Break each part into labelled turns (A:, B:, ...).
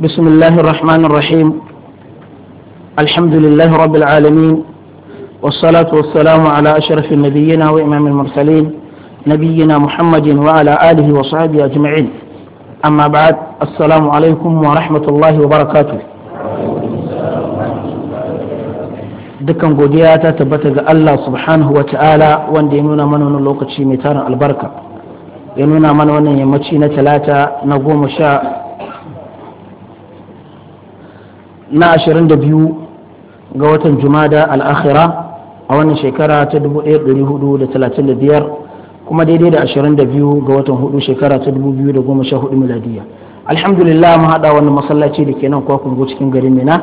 A: بسم الله الرحمن الرحيم الحمد لله رب العالمين والصلاة والسلام على أشرف النبيين وإمام المرسلين نبينا محمد وعلى آله وصحبه أجمعين أما بعد السلام عليكم ورحمة الله وبركاته dukkan قدياتا تبتغ الله سبحانه وتعالى وان wa ta'ala wanda ya البركة ينونا wannan lokaci mai tarin albarka ya na 22 ga watan jumada al'akhira a wannan shekara ta 1435 kuma daidai da 22 ga watan hudu shekara ta 2014 miladiya alhamdulillah mu haɗa wannan masallaci da kenan nan kwakwun cikin garin mina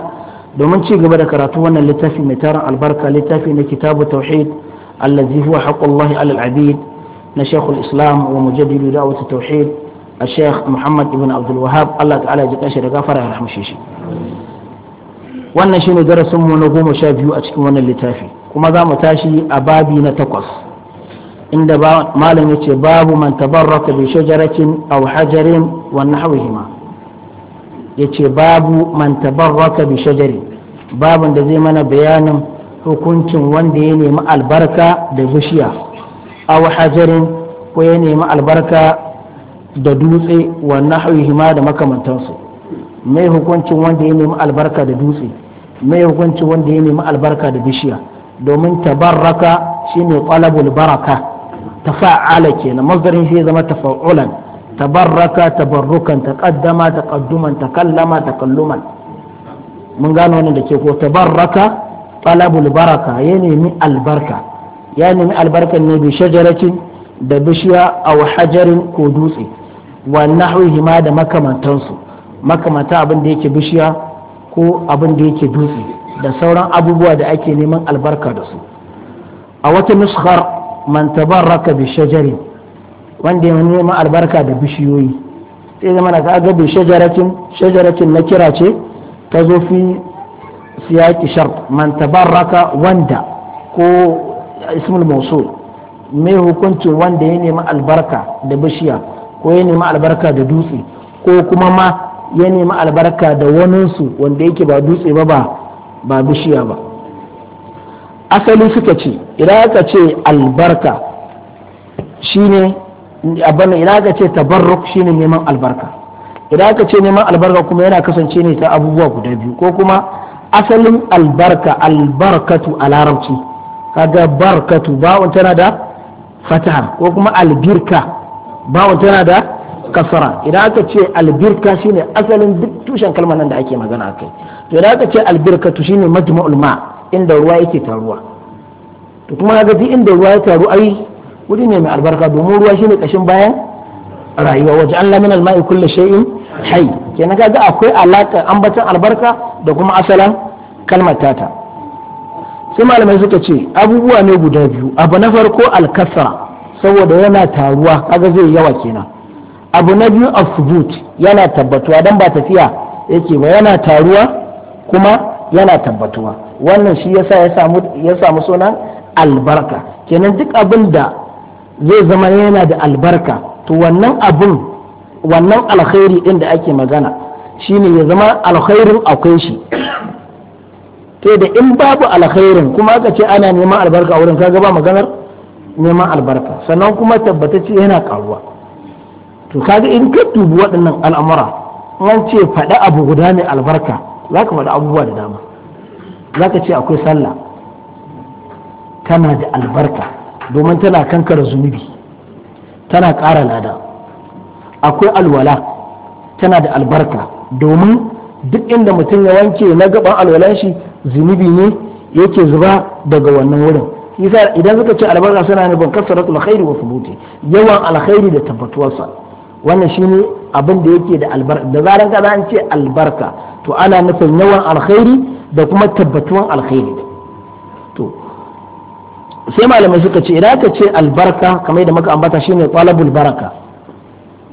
A: domin ci gaba da karatu wannan littafi mai tarin albarka littafi na kitabu tauhid allazi huwa haqqullahi alal abid na shekul islam wa mujaddidu da'wat tauhid الشيخ محمد ابن عبد الوهاب الله تعالى يجزاه خير غفر يرحمه wannan shine darasin mu na goma sha biyu a cikin wannan littafi kuma za mu tashi a babi na takwas inda malam ya ce babu man tabarraka bi shajaratin aw hajarin wa nahwihima yace babu man tabarraka bi shajari babun da zai mana bayanin hukuncin wanda ya nemi albarka da bishiya aw hajarin ko ya nemi albarka da dutse wa nahwihima da makamantansu mai hukuncin wanda ya nemi albarka da dutse mai hukunci wanda ya nemi albarka da bishiya domin tabarraka shine talabul baraka tafa'ala kenan masdarin shi zama tafa'ulan tabarraka tabarrukan taqaddama taqadduman takallama takalluman mun gano wannan da ke ko tabarraka talabul baraka ya nemi albarka ya nemi albarka ne bi shajaratin da bishiya aw hajarin ko dutse wa nahwihi ma da makamantansu makamanta abin da yake bishiya ko abin da yake dutse da sauran abubuwa da ake neman albarka da su a wata nuskar man raka bi shajarin wanda ya neman albarka da bishiyoyi sai zama na ga bi shajaratin shajaratin na kira ce ta zo fi siyaki shart man raka wanda ko ismul mausul mai hukuncin wanda ya nemi albarka da bishiya ko ya nemi albarka da dutse ko kuma ma ya nemi albarka da waninsu wanda yake ba dutse ba ba ba bishiya ba asali suka ce idan aka ce albarka shine abana idan aka ce tabarruk shine neman albarka idan aka ce neman albarka kuma yana kasance ne ta abubuwa guda biyu ko kuma asalin albarka albarkatu a larabci kaga barkatu bawon tana da fataha ko kuma albirka bawon tana da kasara idan aka ce albirka shine asalin duk tushen kalmar nan da ake magana akai to idan aka ce albirka to shine majma'ul ma inda ruwa yake taruwa to kuma ga duk inda ruwa ya taru ai wuri ne mai albarka domin ruwa shine kashin bayan rayuwa waje an lamina alma'i kullu shay'in hayy kenan kaga akwai alaka ambatan albarka da kuma asalan kalmar tata sai malamai suka ce abubuwa ne guda biyu abu na farko alkasara saboda yana taruwa kaga zai yawa kenan abu na biyu asbut yana tabbatuwa don ba tafiya yake ba yana taruwa kuma yana tabbatuwa wannan shi yasa ya samu sunan albarka kenan duk abin da zai zama yana da albarka to wannan abin wannan alkhairi din da ake magana shi ne ya zama alkhairin akwai shi ke da in babu alkhairin kuma aka ce ana neman albarka wurin kaga ba maganar neman albarka sannan kuma ce yana karuwa to kaga in ka dubi waɗannan al'amura an ce faɗa abu guda mai albarka za ka faɗi abubuwa da dama za ka ce akwai sallah tana da albarka domin tana kankara zunubi tana ƙara lada akwai alwala tana da albarka domin duk inda mutum ya wanke na gaban alwalan shi zunubi ne yake zuba daga wannan wurin idan suka ce albarka suna nufin kasaratul alkhairi wa thubuti yawan alkhairi da tabbatuwarsa wannan shine abin da yake da albarka da zaran ka an ce albarka to ana nufin yawan alkhairi da kuma tabbatuwan alkhairi to sai malamai suka ce idan ka ce albarka kamar da muka ambata ne talabul baraka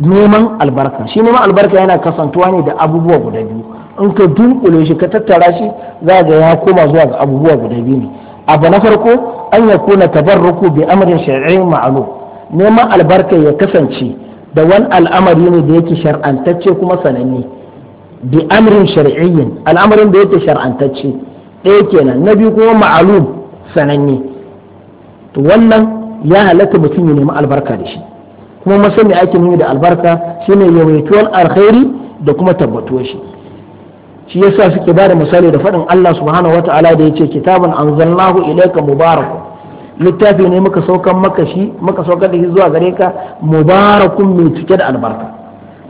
A: neman albarka shi neman albarka yana kasantuwa ne da abubuwa guda biyu in ka dunkule shi ka tattara shi za ga ya koma zuwa ga abubuwa guda biyu ne abu na farko an ya kuna tabarruku bi amrin shari'i ma'alu neman albarka ya kasance da wani al'amari ne da yake shar'antacce kuma sananne bi amrin shar'iyyin al'amarin da yake shar'antacce ɗaya kenan na biyu kuma ma'alum sananne to wannan ya halatta mutum ya nemi albarka da shi kuma masani ake nuni da albarka shine yawaituwar alkhairi da kuma tabbatuwar shi shi yasa suke ba da misali da faɗin Allah subhanahu wata'ala da ce kitabun anzalnahu ilayka mubarak littafi ne muka saukan maka shi muka saukar da shi zuwa gare ka mubarakun mai cike da albarka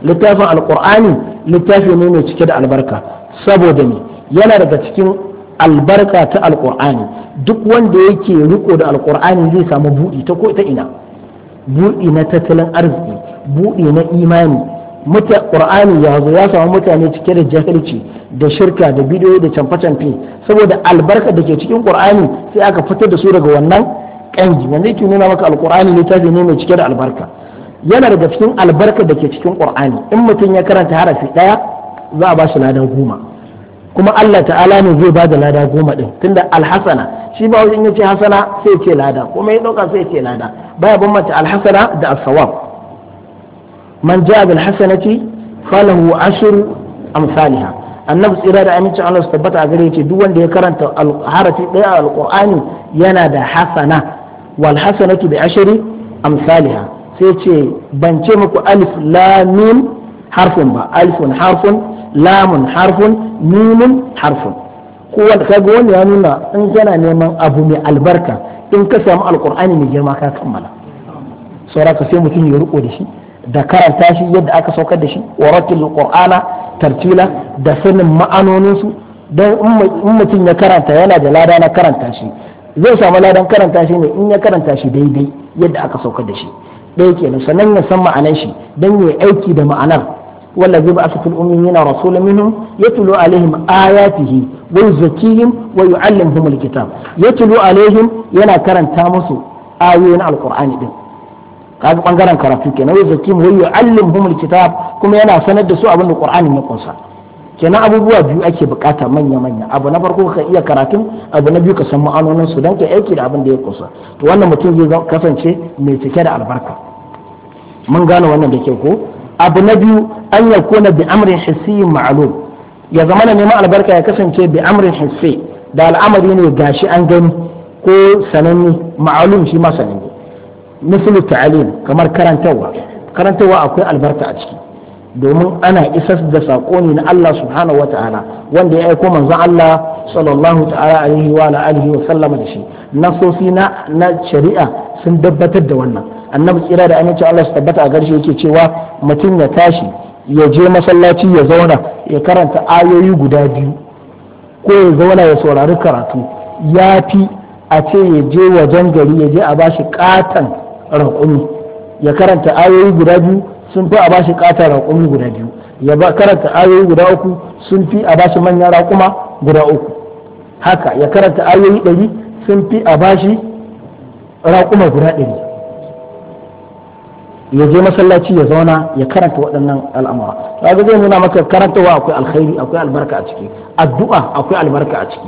A: littafin alkur'ani littafi ne mai cike da albarka saboda ne yana daga cikin albarka ta alkur'ani duk wanda yake riko da alkur'ani zai samu buɗi ta ko ta ina buɗi na tattalin arziki buɗi na imani muta qur'ani ya zo ya samu mutane cike da jahilci da shirka da bidiyo da canfe-canfe saboda albarka da ke cikin qur'ani sai aka fitar da su daga wannan kanji wanda yake nuna maka ne littafi ne mai cike da albarka yana daga cikin albarka da ke cikin ƙur'ani in mutum ya karanta harafi daya za a ba shi lada goma kuma Allah ta'ala ne zai ba da lada goma ɗin tunda alhasana shi ba wajen yace hasana sai ce lada kuma ya dauka sai ce lada baya mace alhasana da asawab man ja'a bil hasanati falahu ashru amsalha annabi tsira da amincin Allah su tabbata a gare ce duk wanda ya karanta harafi ɗaya a alqur'ani yana da hasana wal hasanatu bi ashri amsalha sai ce ban ce muku alif lam mim harfun ba alifun harfun lamun harfun mimun harfun ko wanda kaga wani ya nuna in kana neman abu mai albarka in ka samu alqur'ani mai girma ka kammala saura sai mutum ya riko da shi da karanta shi yadda aka saukar da shi wa rattilil qur'ana tartila da sanin ma'anonin su dan in mutum ya karanta yana da lada na karanta shi zai samu ladan karanta shi ne in ya karanta shi daidai yadda aka saukar da shi ɗaya ke sannan ya san ma'anar shi don ya aiki da ma'anar walla zai ba a cikin ummiyina rasul minhum yatlu alaihim ayatihi wa yuzakkihim wa yu'allimuhum alkitab yatlu alaihim yana karanta musu ayoyin alqur'ani din kaga bangaren karatu kenan wa yuzakkihim wa yu'allimuhum alkitab kuma yana sanar da su abin da ya kunsa kenan abubuwa biyu ake bukata manya-manya abu na farko ka iya karatun abu na biyu ka san ma'anonin su don ka aiki da abin da ya kusa to wannan mutum zai kasance mai cike da albarka mun gane wannan da ke ko abu na biyu an ya kona bi amrin yin ma'alum ya zama na neman albarka ya kasance bi amrin hissi da al'amari ne gashi an gani ko sananni ma'alum shi ma sananni misali ta'alim kamar karantarwa karantarwa akwai albarka a ciki domin ana isar da saƙo ne na Allah subhanahu wa ta'ala wanda ya aiko manzon Allah sallallahu ta'ala alaihi wa alihi wa sallama da shi nasosi na na shari'a sun dabbatar da wannan annabi kira da aminci Allah su tabbata a garshe yake cewa mutum ya tashi ya je masallaci ya zauna ya karanta ayoyi guda biyu ko ya zauna ya saurari karatu ya fi a ce ya je wajen gari ya je a bashi katan raƙumi ya karanta ayoyi guda biyu sun fi a bashi ƙata raƙumi guda biyu ya ba karanta ayoyi guda uku sun fi a bashi manyan raƙuma guda uku haka ya karanta ayoyi ɗari sun fi a bashi raƙuma guda ɗari ya je masallaci ya zauna ya karanta waɗannan al'amura ga zai nuna maka karantawa akwai alkhairi akwai albarka a ciki addu'a akwai albarka a ciki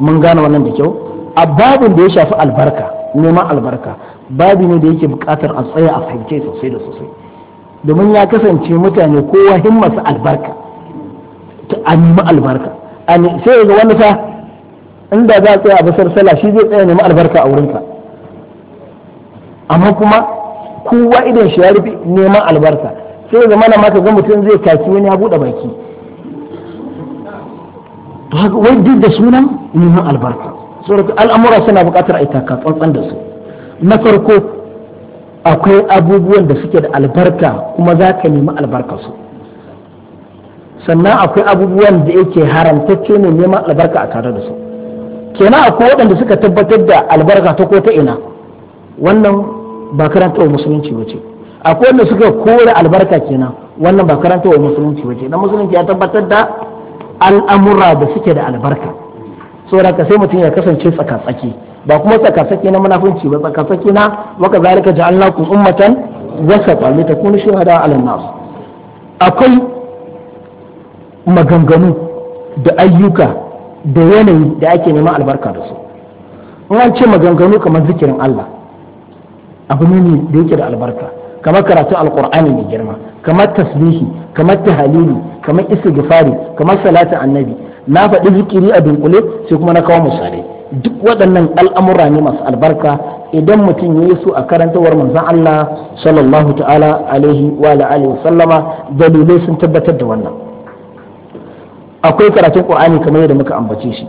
A: mun gane wannan da kyau a babin da ya shafi albarka neman albarka babi ne da yake bukatar a tsaya a fahimce sosai da sosai domin ya kasance mutane kowa himmasa albarka ta anima albarka sai ga wani fa inda za a tsaya a basar sala shi zai tsaya nemi albarka a wurinka amma kuma kowa idan shi ya rufe neman albarka sai zama na maka ga mutum zai kaki wani ya bude baki wai duk da sunan neman albarka saboda al'amura suna bukatar a yi taka tsantsan da su na farko akwai abubuwan da suke da albarka kuma za ka nemi albarkarsu sannan akwai abubuwan da yake haramtacce ne neman albarka a tare da su kenan akwai waɗanda suka tabbatar da albarka ta ko ta ina wannan ba karanta wa musulunci ba ce akwai waɗanda suka kore albarka kenan wannan ba karanta wa musulunci ba ce na musulunci ya tabbatar da al'amura da suke da albarka saboda ka sai mutum ya kasance tsaka-tsaki ba kuma tsakasake na munafunci ba tsakasake na waka zalika ja'alnakum ummatan ta li takunu shuhada 'ala nas akwai maganganu da ayyuka da yanayi da ake neman albarka da su an ce maganganu kamar zikirin Allah abu ne da yake da albarka kamar karatu alkur'ani mai girma kamar tasbihi kamar tahalili kamar gifari kamar salatu annabi na faɗi zikiri a dunkule sai kuma na kawo misalai waɗannan al'amura ne masu albarka idan mutum ya yi su a karantawar manzan Allah sallallahu ta'ala alaihi wa sallama dalilai sun tabbatar da wannan akwai karatun ƙwa'ani kamar yadda muka ambace shi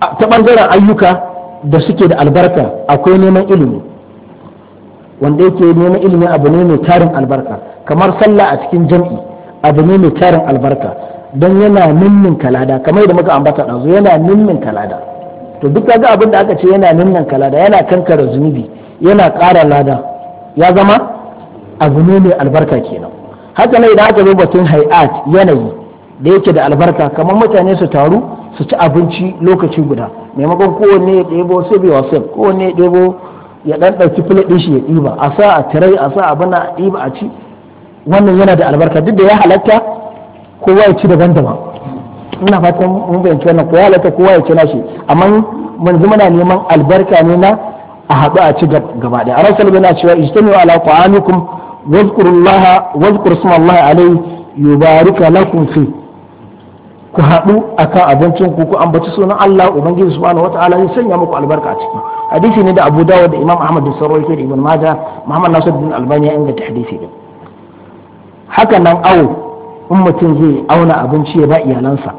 A: ta ɓangaren ayyuka da suke da albarka akwai neman ilimi wanda yake neman ilimi abu ne mai tarin albarka kamar sallah a cikin jam'i abu ne mai tarin albarka don yana nimmin kalada kamar yadda muka ambata ɗazu yana ninnin kalada to duk kaga abin da aka ce yana ninnan kalada yana kankara zunubi yana ƙara lada ya zama abu ne mai albarka kenan haka ne idan aka zo batun hay'at yanayi da yake da albarka kamar mutane su taru su ci abinci lokaci guda maimakon kowanne ya ɗebo sai bai wasu kowanne ya ɗebo ya ɗan ɗauki filet ɗin shi ya ɗiba a sa a tirai a sa abin a ɗiba a ci wannan yana da albarka duk da ya halatta kowa ya ci daban-daban ina fatan mun fahimci wannan ko halatta kowa ya kira nashi amma mun zama na neman albarka ne na a haɗu a ci gaba da rasul bin cewa ijtamiu ala qa'anikum wazkurullaha wazkur smallahi alayhi yubarika lakum fi ku haɗu akan abincin ku ku ambaci sunan Allah ubangiji subhanahu wataala ya sanya muku albarka a ciki hadisi ne da Abu Dawud da Imam Ahmad bin Sarwai da Ibn Majah Muhammad Nasiruddin Albani ya inganta hadisi din haka nan awo in mutum zai auna abinci ya ba iyalansa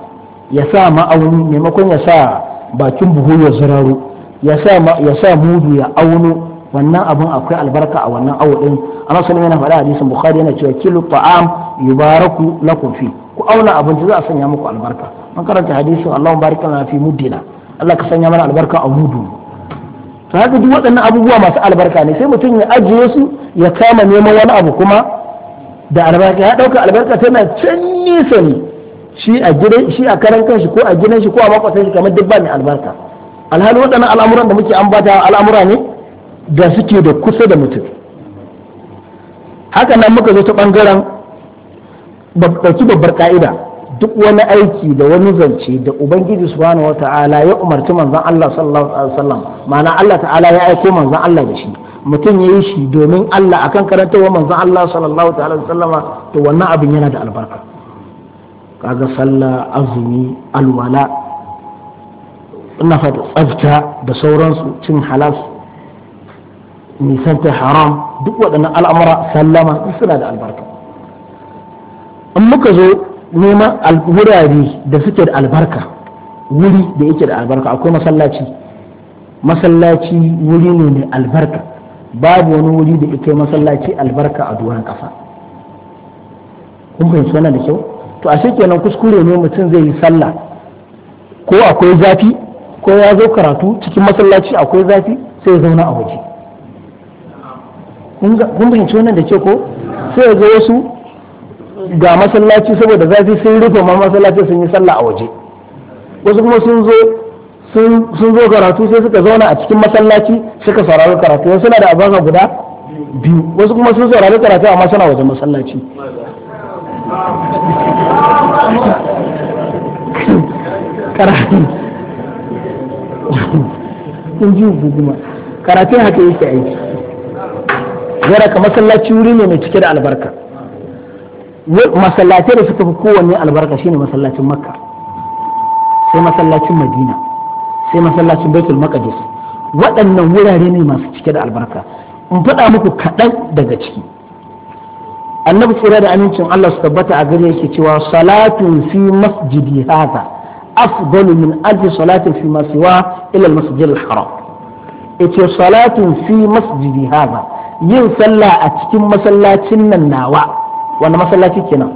A: ya sa ma'auni maimakon ya sa bakin buhu ya zuraru ya sa mudu ya auno wannan abin akwai albarka a wannan awo din ana sanin yana faɗa hadisin bukhari yana cewa kilu ta'am yubaraku lakum fi ku auna abinci za a sanya muku albarka an karanta hadisin Allahu barika lana fi muddina Allah ka sanya mana albarka a mudu to haka duk waɗannan abubuwa masu albarka ne sai mutum ya ajiye su ya kama neman wani abu kuma da albarka ya ɗauka albarka tana can nisa ne shi a karan kanshi ko a gidan shi ko a makwasan shi kamar duk ba mai albarka alhali waɗannan al'amuran da muke ambata al'amura ne da suke da kusa da mutum haka nan muka zo ta ɓangaren ɗauki babbar ka'ida duk wani aiki da wani zance da ubangiji subhanahu wata'ala ya umarci manzon Allah sallallahu alaihi wasallam ma'ana Allah ta'ala ya aiko manzon Allah da shi mutum ya yi shi domin Allah akan karantawa manzon Allah sallallahu alaihi wasallama to wannan abin yana da albarka kaga sallah azumi alwala nafa tsafta da sauransu cin halas nisanta haram duk waɗannan al'amura sallama suna da albarka in muka zo neman wurare da suke da albarka wuri da yake da albarka akwai masallaci masallaci wuri ne mai albarka babu wani wuri da yake masallaci albarka a duwan ƙasa kun fahimci wannan da kyau to ashe kenan kuskure ne mutum zai yi sallah ko akwai zafi ko ya zo karatu cikin masallaci akwai zafi sai ya zauna a waje kun fahimci wannan da ke ko sai ya zo wasu ga masallaci saboda zafi sun rufe ma masallaci sun yi sallah a waje wasu kuma sun zo sun zo karatu sai suka zauna a cikin masallaci suka saurari karatu wasu suna da abaza guda biyu wasu kuma sun saurari karatu amma suna wajen masallaci karatun haka yake aiki zara ka masallaci wuri ne mai cike da albarka masallatai da suka fi kowanne albarka shine masallacin makka sai masallacin madina sai masallacin baitul maqdis waɗannan wurare ne masu cike da albarka in faɗa muku kaɗan daga ciki annabi tsira da amincin Allah su tabbata a gare yake cewa salatun fi masjidi haka afdalu min alfi salatin fi masiwa ila masjid al-haram yace salatun fi masjidi haka yin sallah a cikin masallacin nan nawa wanda masallaci kenan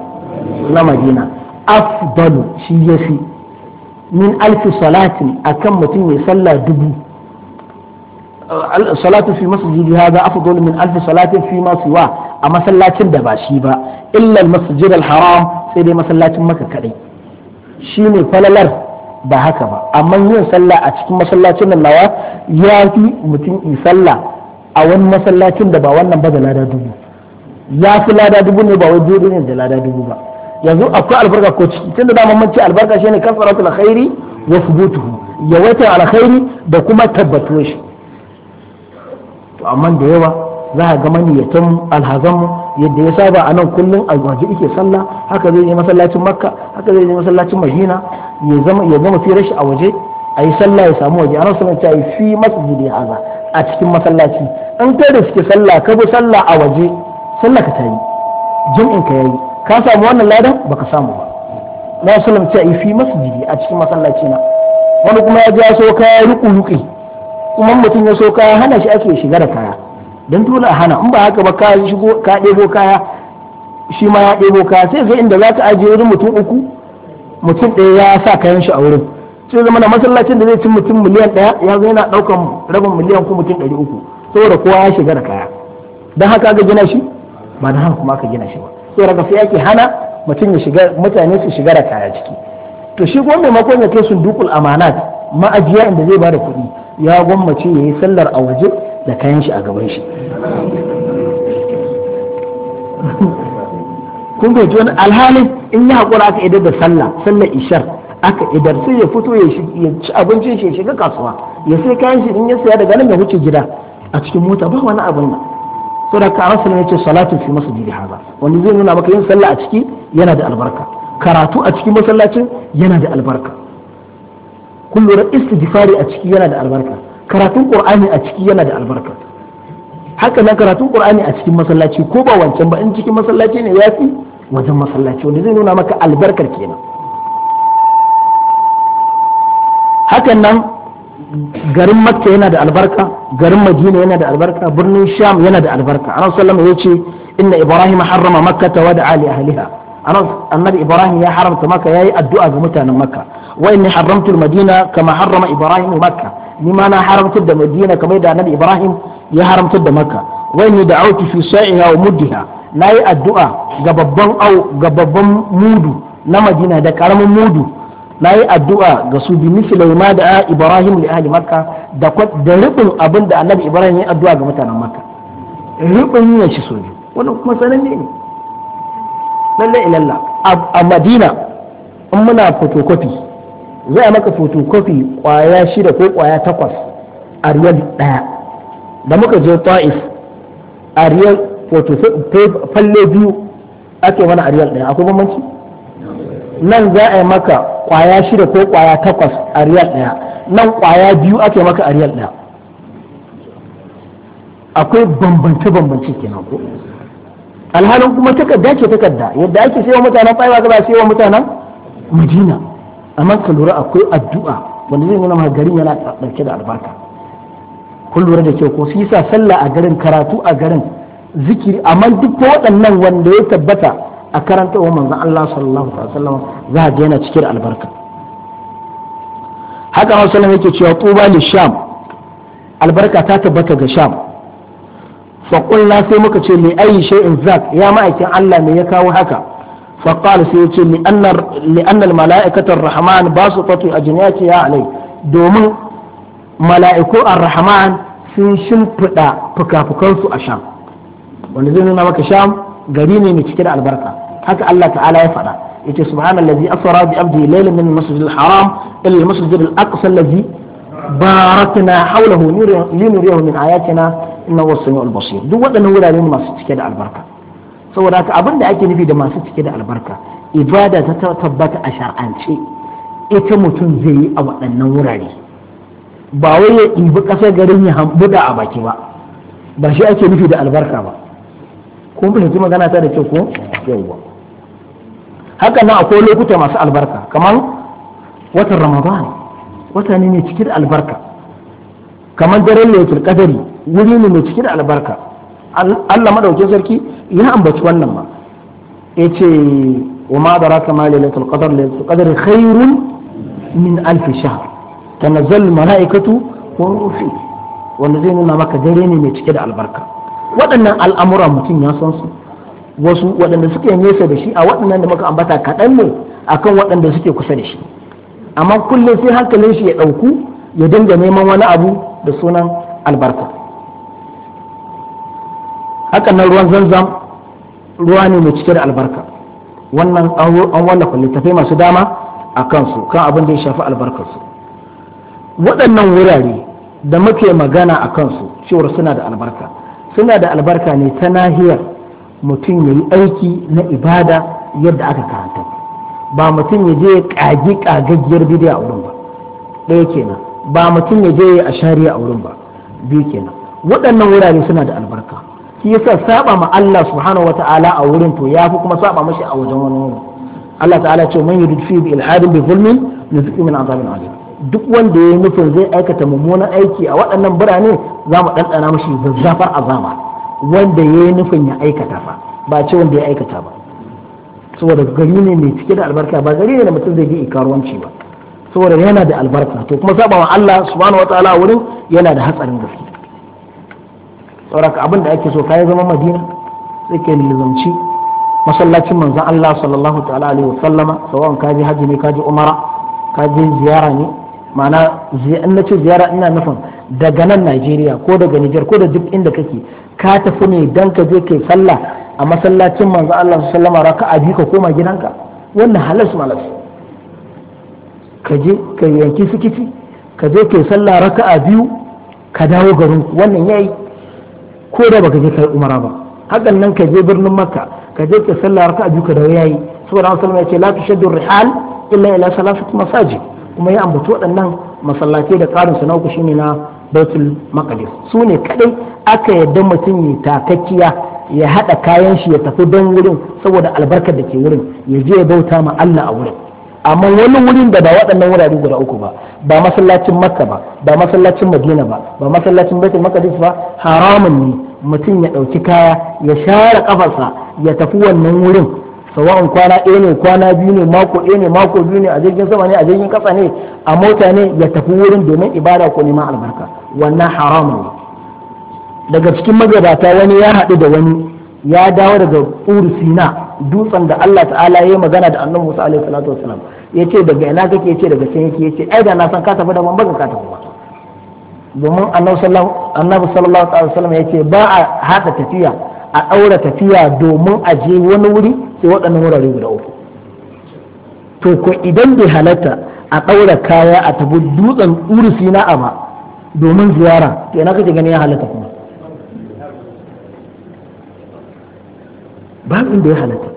A: na Madina afdalu shi yafi min alfi salatin akan mutum ya sallah dubu salatu fi masjidi hada afdalu min alfi salatin fi ma siwa a masallacin da ba shi ba illa masjid al-haram sai dai masallacin maka kadai shine falalar ba haka ba amma yin sallah a cikin masallacin nan lawa ya fi mutum yi sallah a wani masallacin da ba wannan ba da lada dubu ya fi lada dubu ne ba wai dubu ne da lada dubu ba yanzu akwai albarka ko ciki tunda da mun ce albarka shine kasratul khairi wa thubutuhu yawaita alkhairi da kuma tabbatuwa shi to amma da yawa za a ga maniyatan alhazan yadda ya saba a nan kullum alwaji yake sallah haka zai yi masallacin makka haka zai yi masallacin madina ya zama ya zama fi rashi a waje a yi sallah ya samu waje ana sanar ta yi fi masjidi haza a cikin masallaci in kai da suke sallah ka bi sallah a waje sallah ka ta yi jam'in ka yayi ka samu wannan ladan baka samu ba na sunan ta yi fi masjidi a cikin masallaci na wani kuma ya ji ya so kaya ruku ruki kuma mutum ya so kaya hana shi ake shiga da kaya don tura a hana in ba haka ba ka shigo ka ɗebo kaya shi ma ya ɗebo kaya sai ga inda za ka ajiye wurin mutum uku mutum ɗaya ya sa kayan shi a wurin sai zama na masallacin da zai ci mutum miliyan ɗaya ya zo yana ɗaukan rabin miliyan ko mutum ɗari uku saboda kowa ya shiga da kaya don haka aka gina shi ba da haka kuma aka gina shi ba saboda ka sai yake hana mutum ya shiga mutane su shiga da kaya ciki to shi kuma maimakon ya kai dukul amanat ma'ajiya inda zai ba da kuɗi ya gwammace ya yi sallar a waje da kayan shi a gaban shi kun bai wani alhalin in ya haƙura aka idar da sallah sallar ishar aka idar sai ya fito ya ci abincin shi ya shiga kasuwa ya sai kayan shi in ya saya daga nan ya wuce gida a cikin mota ba wani abin nan so da ka rasul ya ce salatu fi masjidi haza wanda zai nuna maka yin sallah a ciki yana da albarka karatu a cikin masallacin yana da albarka kullu istijfari a ciki yana da albarka karatun qur'ani a ciki yana da albarka haka karatun qur'ani a cikin masallaci ko ba wancan ba in cikin masallaci ne yafi wajen masallaci wanda zai nuna maka albarkar kenan hakan nan garin makka yana da albarka garin madina yana da albarka birnin sham yana da albarka anan sallama ya ce inna ibrahim harrama makka ta wada ali ahliha annabi ibrahim ya haramta makka yayi addu'a ga mutanen makka wa inni haramtu madina kama harrama ibrahim makka ni ma na haramtar da madina kamar da annabi ibrahim ya haramtar da makka wani da auki fi sa'iha wa muddiha nayi addu'a ga babban au ga babban mudu na madina da karamin mudu nayi addu'a ga su bi misli ma da ibrahim li ahli makka da da rubin abin da annabi ibrahim ya addu'a ga mutanen makka rubin yin shi so ne wannan kuma sananne ne lalle ilalla a madina in muna photocopy za a maka fotokofi kwaya shida ko kwaya takwas a riyal ɗaya da muka je ta'if a riyal falle biyu ake mana a riyal ɗaya akwai bambanci nan za a yi maka kwaya shida ko kwaya takwas a riyal ɗaya nan kwaya biyu ake maka a riyal ɗaya akwai bambance-bambance kenan ko alhalin kuma takarda ce takarda yadda ake wa mutanen ɓaiwa ga ba wa mutanen madina amma ka lura akwai addu'a wanda zai nuna maka garin yana ɗauke da albarka kun lura da kyau ko su yasa sallah a garin karatu a garin zikiri amma duk waɗannan wanda ya tabbata a karanta wa manzon Allah sallallahu alaihi wasallam za a ga cikin albarka haka Hausa yake cewa tuba li sham albarka ta tabbata ga sham faƙulla sai muka ce mai ayi shay'in zak ya ma'aikin Allah ne ya kawo haka فقال سيتي لأن لأن الملائكة الرحمن باسطة أجنحتها عليه دومن ملائكو الرحمن sun shimfiɗa fuka-fukansu a sham Wani zai nuna maka sham gari ne mai cike da albarka haka Allah ta'ala ya faɗa yace subhanallazi asara bi abdi laylan min al-masjid al-haram ila al-masjid al-aqsa allazi barakna hawlahu linuriyahu min ayatina innahu as-sami'ul basir duk waɗannan wurare masu cike da albarka saboda ka abin da ake nufi da masu cike da albarka ibada ta tabbata a shar'ance ita mutum zai yi a waɗannan wurare ba wai ya ɗibi ƙasar garin ya da a baki ba ba shi ake nufi da albarka ba kun fahimci magana ta da kyau ko yawwa haka nan akwai lokuta masu albarka kamar watan ramadan wata ne mai cike da albarka kamar daren laifin kadari wuri ne mai cike da albarka Allah madaukin sarki ya ambaci wannan ma ce wa ma daraka ma lailatul qadr lailatul qadr khairun min alf shahr tanazzal malaikatu wa ruhi wanda zai nuna maka dare ne mai cike da albarka waɗannan al'amura mutum ya san su wasu waɗanda suke nesa da shi a waɗannan da muka ambata kaɗan ne akan waɗanda suke kusa da shi amma kullum sai hankalin shi ya ɗauku ya dinga neman wani abu da sunan albarka hakan nan ruwan zanzam ruwa ne mai cike da albarka wannan an wallafa littafai masu dama a kansu kan abin da ya shafi albarkarsu waɗannan wurare da muke magana a kansu cewar suna da albarka suna da albarka ne ta nahiyar mutum ya yi aiki na ibada yadda aka karanta ba mutum ya je kagi ƙagi a wurin ba ɗaya kenan ba mutum ya je ya ashariya a wurin ba biyu kenan waɗannan wurare suna da albarka shi yasa saba ma Allah subhanahu ta'ala a wurin to yafi kuma saba mashi a wajen wani wurin Allah ta'ala ce man yudu fi bil ilhadin bi zulmin nuzuqi min azabin alim duk wanda yayi nufin zai aikata mummunan aiki a waɗannan birane za mu ɗanɗana mashi zazzafar azaba wanda yayi nufin ya aikata fa ba ce wanda ya aikata ba saboda gari ne mai cike da albarka ba gari ne da mutum zai je ikaruwanci ba saboda yana da albarka to kuma saba wa Allah subhanahu ta'ala wurin yana da hatsarin gaske sauraka abin da ake so ka yi zama madina sai ke lizanci masallacin manzan Allah sallallahu ta'ala alaihi wasallama sawan ka je haji ne ka je umara ka je ziyara ne ma'ana in na ce ziyara ina nufin daga nan Najeriya ko daga Nijar ko da duk inda kake ka tafi ne dan ka je kai sallah a masallacin manzan Allah sallallahu alaihi wasallama raka'a biyu ka koma gidanka wannan halas malas ka je ka yanki sikiti ka je kai sallah raka'a biyu ka dawo garin wannan yayi ko da baka je kai umara ba hakan nan ka je birnin makka ka je ka sallar ka a duka da yayi saboda Allah ya ce la tushaddu rihal illa ila salasati masajid kuma ya ambaci waɗannan masallatai da karin su na uku shine na baitul maqdis su ne kadai aka yadda mutum ya takakkiya ya hada kayan shi ya tafi don wurin saboda albarkar da ke wurin ya je ya bauta ma Allah a wurin amma wani wurin da ba waɗannan wurare guda uku ba ba masallacin makka ba ba masallacin madina ba ba masallacin baitul maqdis ba haramun ne mutum ya ɗauki kaya ya share kafarsa ya tafi wannan wurin sawa'un kwana ɗaya ne kwana biyu ne mako ɗaya ne mako biyu ne a jirgin sama ne a jirgin ƙasa ne a mota ne ya tafi wurin domin ibada ko neman albarka wannan haramun ne daga cikin magabata wani ya haɗu da wani ya dawo daga urusina dutsen da Allah ta'ala ya yi magana da annabi Musa alaihi salatu wasalam yace daga ina kake ce daga can yake yace ai da na san ka tafi da ban ka tafi ba domin annabi sallallahu alaihi wasallam yace ba a haka tafiya a ɗaura tafiya domin a je wani wuri sai waɗannan wurare guda uku to ko idan bai halatta a ɗaura kaya a tafi dutsen urusi na aba domin ziyara to ina kake ganin ya halatta kuma
B: babin da ya halatta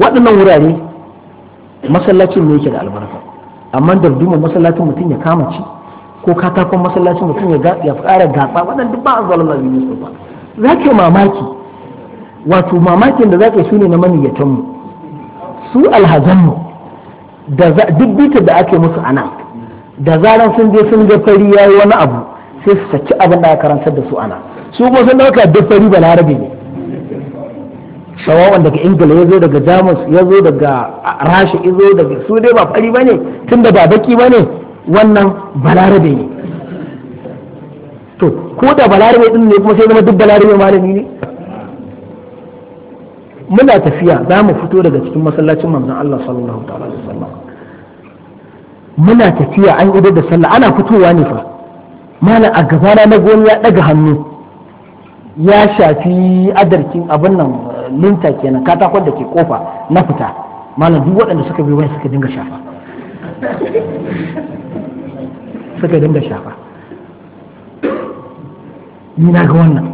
A: waɗannan wurare masallacin ne yake da albarka amma dabduma masallacin mutum ya kama ci ko katakon masallacin mutum ya fara gatsa waɗanda ba a zuwa lalazin yusuf ba za ka mamaki wato mamakin da za ka su ne na mu su alhazanmu da duk bitar da ake musu ana da zaran sun je sun ga fari ya yi wani abu sai su saki abin da aka karantar da su ana su kuma sun dauka da fari balarabe ne shawawan daga ingila ya zo daga jamus ya zo daga rasha ya zo daga su dai ba fari ba ne tun da ba baki ba ne wannan balarabe ne to ko da balarabe din ne kuma sai zama duk balarabe malami ne muna tafiya za mu fito daga cikin masallacin manzon Allah sallallahu ta'ala wa wasallam muna tafiya an idar da sallah ana fitowa ne fa malam a gabana na goni ya daga hannu ya shafi adarkin abin nan linta kenan katakon da ke kofa na fita malam duk waɗanda suka bi wani suka dinga shafa suka dinga shafa ni na ga wannan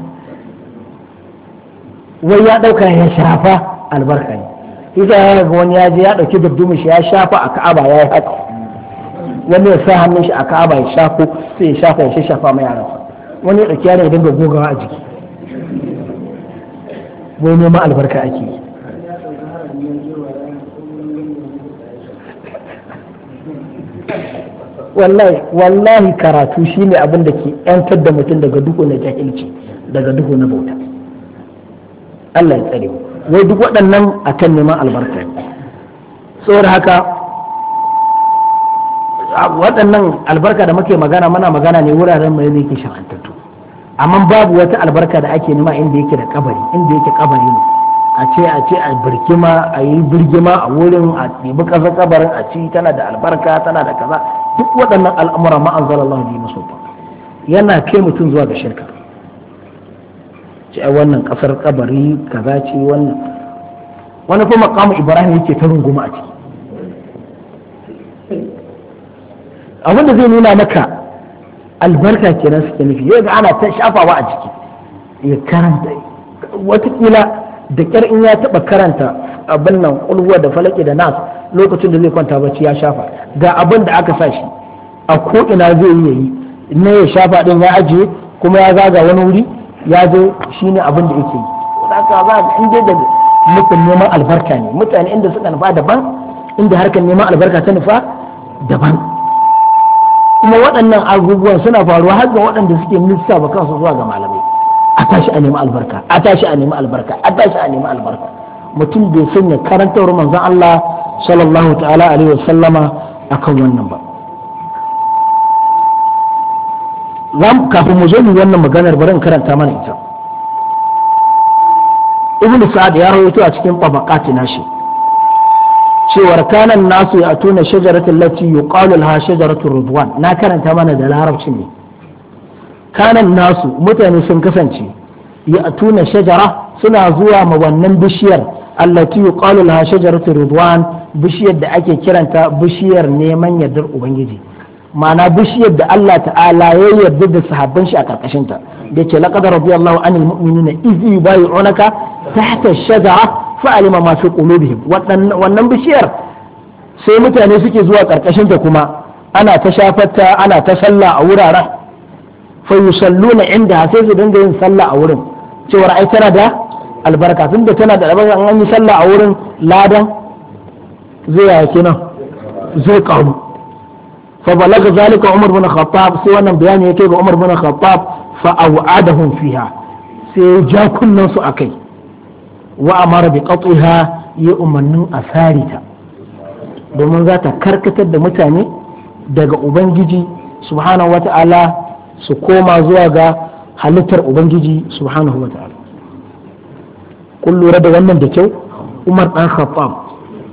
A: wai ya ɗauka ya shafa albarka ne ita ya ga wani ya je ya ɗauki dabdumin shi ya shafa a ka'aba ya yi haka wani ya sa hannun shi a ka'aba ya shafo sai ya shafa ya shafa mai yaransa wani ya ɗauki yaran ya dinga gogawa a jiki wai neman albarka ake yi wallahi wallahi karatu ne abin da ke yantar da mutum daga duhu na jahilci daga duhu na bauta Allah ya tsare wai duk waɗannan a kan neman albarka saboda haka waɗannan albarka da muke magana mana magana ne wuraren mai ne ke sharantattu amma babu wata albarka da ake nema inda yake da kabari inda yake kabari ne a ce a ce a birgima a yi birgima a wurin a ɗebi ƙasar kabarin a ci tana da albarka tana da kaza duk waɗannan al'amura ma anzala Allah bi yana kai mutum zuwa ga shirka ce ai wannan ƙasar kabari kaza ce wannan wani kuma maƙamu Ibrahim yake ta runguma a ciki abinda zai nuna maka albarka kenan suke nufi yau ga ana ta shafawa a ciki ya karanta watakila da kyar in ya taba karanta abin nan kulwa da falaki da nas lokacin da zai kwanta bacci ya shafa ga abin da aka sa shi a ko ina zai yi yayi na ya shafa din ya ajiye kuma ya zaga wani wuri ya zo shine abin da yake yi saka ba in dai da mutum neman albarka ne mutane inda suka nufa daban inda harkar neman albarka ta nufa daban kuma waɗannan abubuwan suna faruwa har ga waɗanda suke ba kansu zuwa ga malamai a tashi a nemi albarka a tashi a nemi albarka a tashi a nemi albarka mutum bai sanya karantar manzon Allah sallallahu ta'ala alaihi wasallama akan wannan ba zan kafin mu zo mu wannan maganar bari in karanta mana ita ibn sa'ad ya rawaito a cikin tabaqati shi. cewar kanan nasu ya tuna shajaratun lati yuqalu laha shajaratul ridwan na karanta mana da larabci ne kanan nasu mutane sun kasance ya tuna shajara suna zuwa ma wannan bishiyar allati yuqalu laha shajaratul ridwan bishiyar da ake kiranta bishiyar neman yardar ubangiji ma'ana bishiyar da Allah ta'ala ya yarda da sahabban shi a karkashin ta da ce laqad radiyallahu anil mu'minina iz yubayyi'unaka tahta shajara fa'alima ma fi qulubihim wannan bishiyar sai mutane suke zuwa karkashin ta kuma ana ta shafarta ana ta sallah a wuraren fa yusalluna inda sai su dinga yin sallah a wurin cewa ai tana da albarka tunda tana da albarka an yi sallah a wurin ladan zai yaya kenan zai karu fa balaga zalika umar bin khattab sai wannan bayani yake ga umar bin khattab fa au'adahum fiha sai ya ja kunnan su akai wa amara bi qatiha ya umarnin a sarita domin za ta karkatar da mutane daga ubangiji subhanahu wata'ala su koma zuwa ga halittar ubangiji subhanahu wata'ala kun lura da wannan da kyau umar dan khattab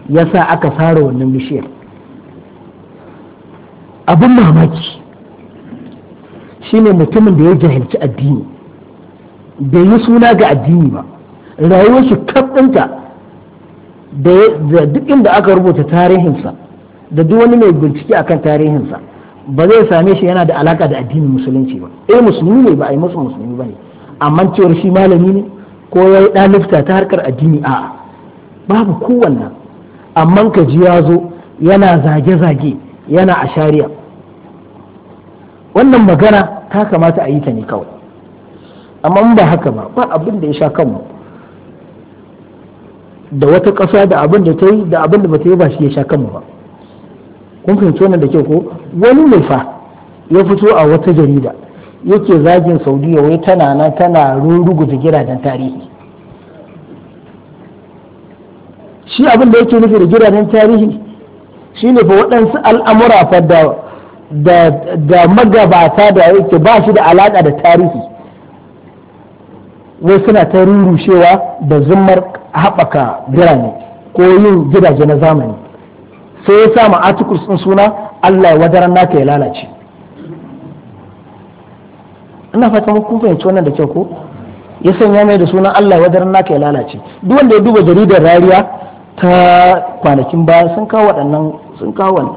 A: ya aka sare wannan bishiyar abin mamaki shine mutumin da ya jahilci addini bai yi suna ga addini ba rayuwar shi kaɗinta da duk inda aka rubuta tarihinsa da duk wani mai bincike akan tarihinsa ba zai same shi yana da alaka da addinin musulunci ba eh musulmi ne ba a yi masa musulmi ba ne amma cewar shi malami ne ko ya yi ɗalifta ta harkar addini a babu kowannan amma ka ji ya zo yana zage-zage yana a shari'a wannan magana ta kamata a yi ta ne kawai amma ba haka ba ba abin da ya sha kanmu da wata ƙasa da abin da ta yi da abin da ba yi ba shi ya sha kanmu ba kun fahimci wannan da kyau ko wani ne fa ya fito a wata jarida yake zagin saudiya wai tana nan tana da gidajen tarihi shi abin da yake nufi da gidajen tarihi shi ne fa waɗansu al'amura fa da magabata da yake ba shi da alaƙa da tarihi wai suna ta rurushewa da zumar haɓaka birane ko yin gidaje na zamani sai ya sa ma'atikus sun suna Allah ya wadaran naka ya lalace ina fata kun fahimci wannan da kyau ko ya sanya mai da sunan Allah ya wadaran naka ya lalace duk wanda ya duba jaridar rariya ta kwanakin baya sun kawo waɗannan sun kawo wannan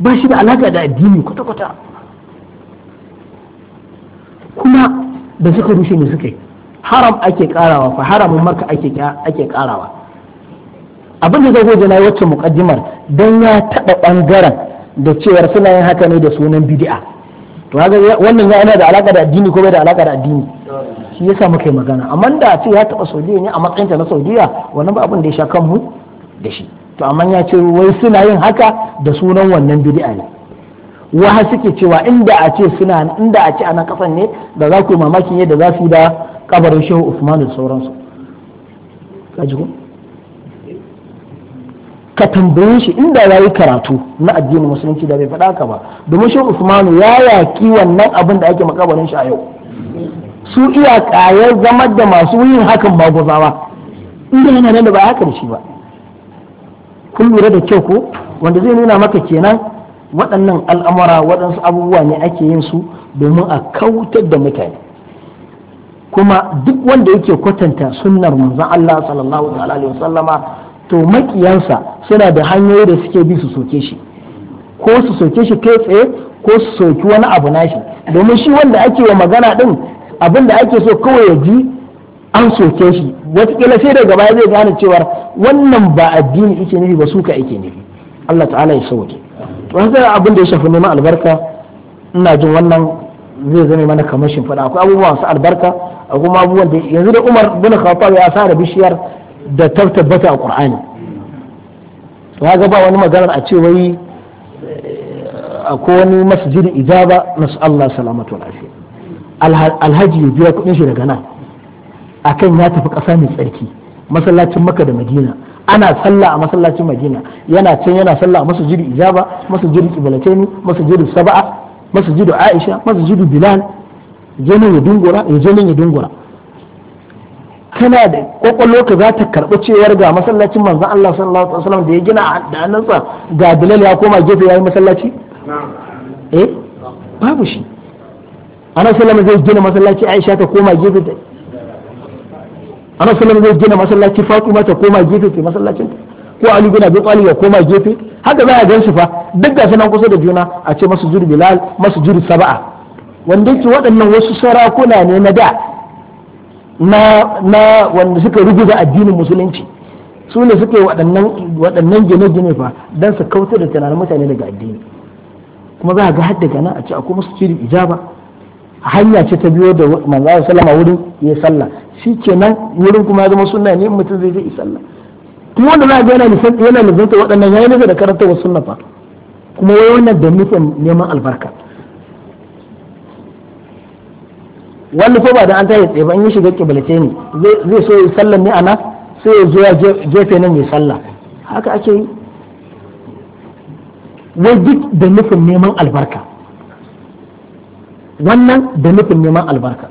A: ba shi da alaƙa da addini kwata-kwata kuma da suka rushe ne suka yi haram ake karawa fa haramun maka ake ake karawa abin da zai zo na wacce muqaddimar dan ya taba bangaren da cewar suna yin haka ne da sunan bid'a to haka wannan yana da alaka da addini ko bai da alaka da addini shi yasa muka yi magana amma da ce ya taba saudiya ne a ta na saudiya wannan ba abin da ya sha kanmu da shi to amma ya ce wai suna yin haka da sunan wannan bid'a ne wa suke cewa inda a ce suna inda a ce ana kasan ne da za ku mamakin yadda za su yi da kabarin shehu usman da sauransu ka tambaye shi inda ya yi karatu na addinin musulunci da bai faɗa ka ba domin shehu Usman ya yaki wannan abin da ake makabarin shi a yau su iya ƙayar zama da masu yin hakan ba gozawa inda yana nan da ba haka da shi ba kun lura da kyau ko wanda zai nuna maka kenan waɗannan al'amura waɗansu abubuwa ne ake yin su domin a kautar da mutane kuma duk wanda yake kwatanta sunnar manzon Allah sallallahu alaihi wasallama to makiyansa suna da hanyoyi da suke bi su soke shi ko su soke shi kai tsaye ko su soki wani abu nashi domin shi wanda ake wa magana din abin da ake so kawai ya ji an soke shi kila sai daga baya zai gane cewa wannan ba addini yake nufi ba suka yake nufi Allah ta'ala ya sauke to haka abin da ya shafi neman albarka ina jin wannan zai zame mana kamar fada akwai abubuwa su albarka kuma abubuwan da yanzu da umar bin khattab ya sare bishiyar da ta tabbata a qur'ani to ga ba wani maganar a ce wai eh, ko wani masjidin ijaba nasu Allah salamatu wa lafiya alhaji ya biya kudin shi daga nan akan ya tafi ƙasa mai tsarki masallacin maka da madina ana sallah a masallacin madina yana can yana sallah a masjidin ijaba masjidin ibalataini masjidin saba'a masjidin aisha masjidin bilal je ya dungura ya eh, je ya dungura kana da kwakwallo ka za ta karɓi cewar ga masallacin manzan Allah sallallahu alaihi wasallam da ya gina a hannunsa ga dalil ya koma gefe ya yi masallaci eh babu shi ana sallama zai gina masallaci Aisha ta koma gefe da ana sallama zai gina masallaci Fatima ta koma gefe ta masallacin ko Ali bin Abi Talib ya koma gefe haka za a gan shi fa duk ga sunan kusa da juna a ce masu juri Bilal masu juri Saba'a wanda yake waɗannan wasu sarakuna ne na da na wanda suka rubuta addinin musulunci su ne suka yi waɗannan gine-gine fa don su kautar da tunanin mutane daga addini kuma za a ga har daga nan a ce a kuma su ciri ijaba hanya ce ta biyo da manzo sallama wurin ya sallah shi kenan wurin kuma ya zama sunna ne mutum zai je ya sallah kuma wanda za a ga yana yana waɗannan yayin da karanta wa sunna fa kuma wai wannan da nufin neman albarka wani ko ba da an ta tsaye ba in yi shiga kiblace ne zai so yi sallan ne ana sai ya zo ya gefe nan ya sallah haka ake yi wai duk da nufin neman albarka wannan da nufin neman albarka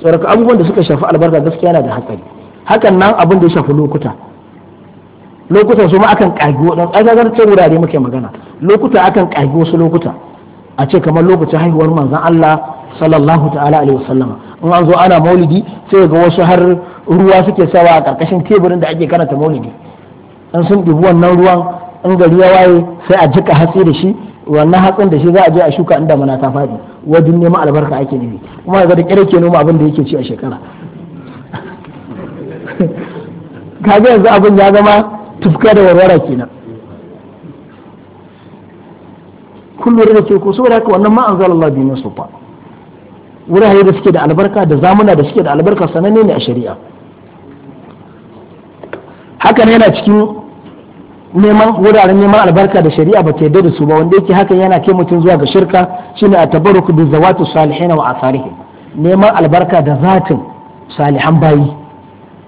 A: tsaraka abubuwan da suka shafi albarka gaskiya na da hatsari hakan nan abin da ya shafi lokuta lokuta su ma akan kagi wadan tsagagar ce wurare muke magana lokuta akan kagi wasu lokuta a ce kamar lokacin haihuwar manzan Allah sallallahu ta'ala alaihi wasallama in an zo ana maulidi sai ga wasu har ruwa suke sawa a karkashin teburin da ake karanta maulidi an sun ɗibi wannan ruwan in gari ya waye sai a jika hatsi da shi wannan hatsin da shi za a je a shuka inda mana ta faɗi wajen neman albarka ake nemi kuma ga da kire ke noma abin da yake ci a shekara kaga yanzu abin ya zama tufka da warwara kenan kun lura da ke ko saboda haka wannan ma anzalallahu bi nasufa wurare da suke da albarka da zamuna da suke da albarka sananne ne a shari'a hakan yana cikin neman wuraren neman albarka da shari'a ba ta yadda da su ba wanda yake hakan yana kai mutum zuwa ga shirka shine a tabarruk bi zawatu salihin wa asarihin neman albarka da zatin salihan bayi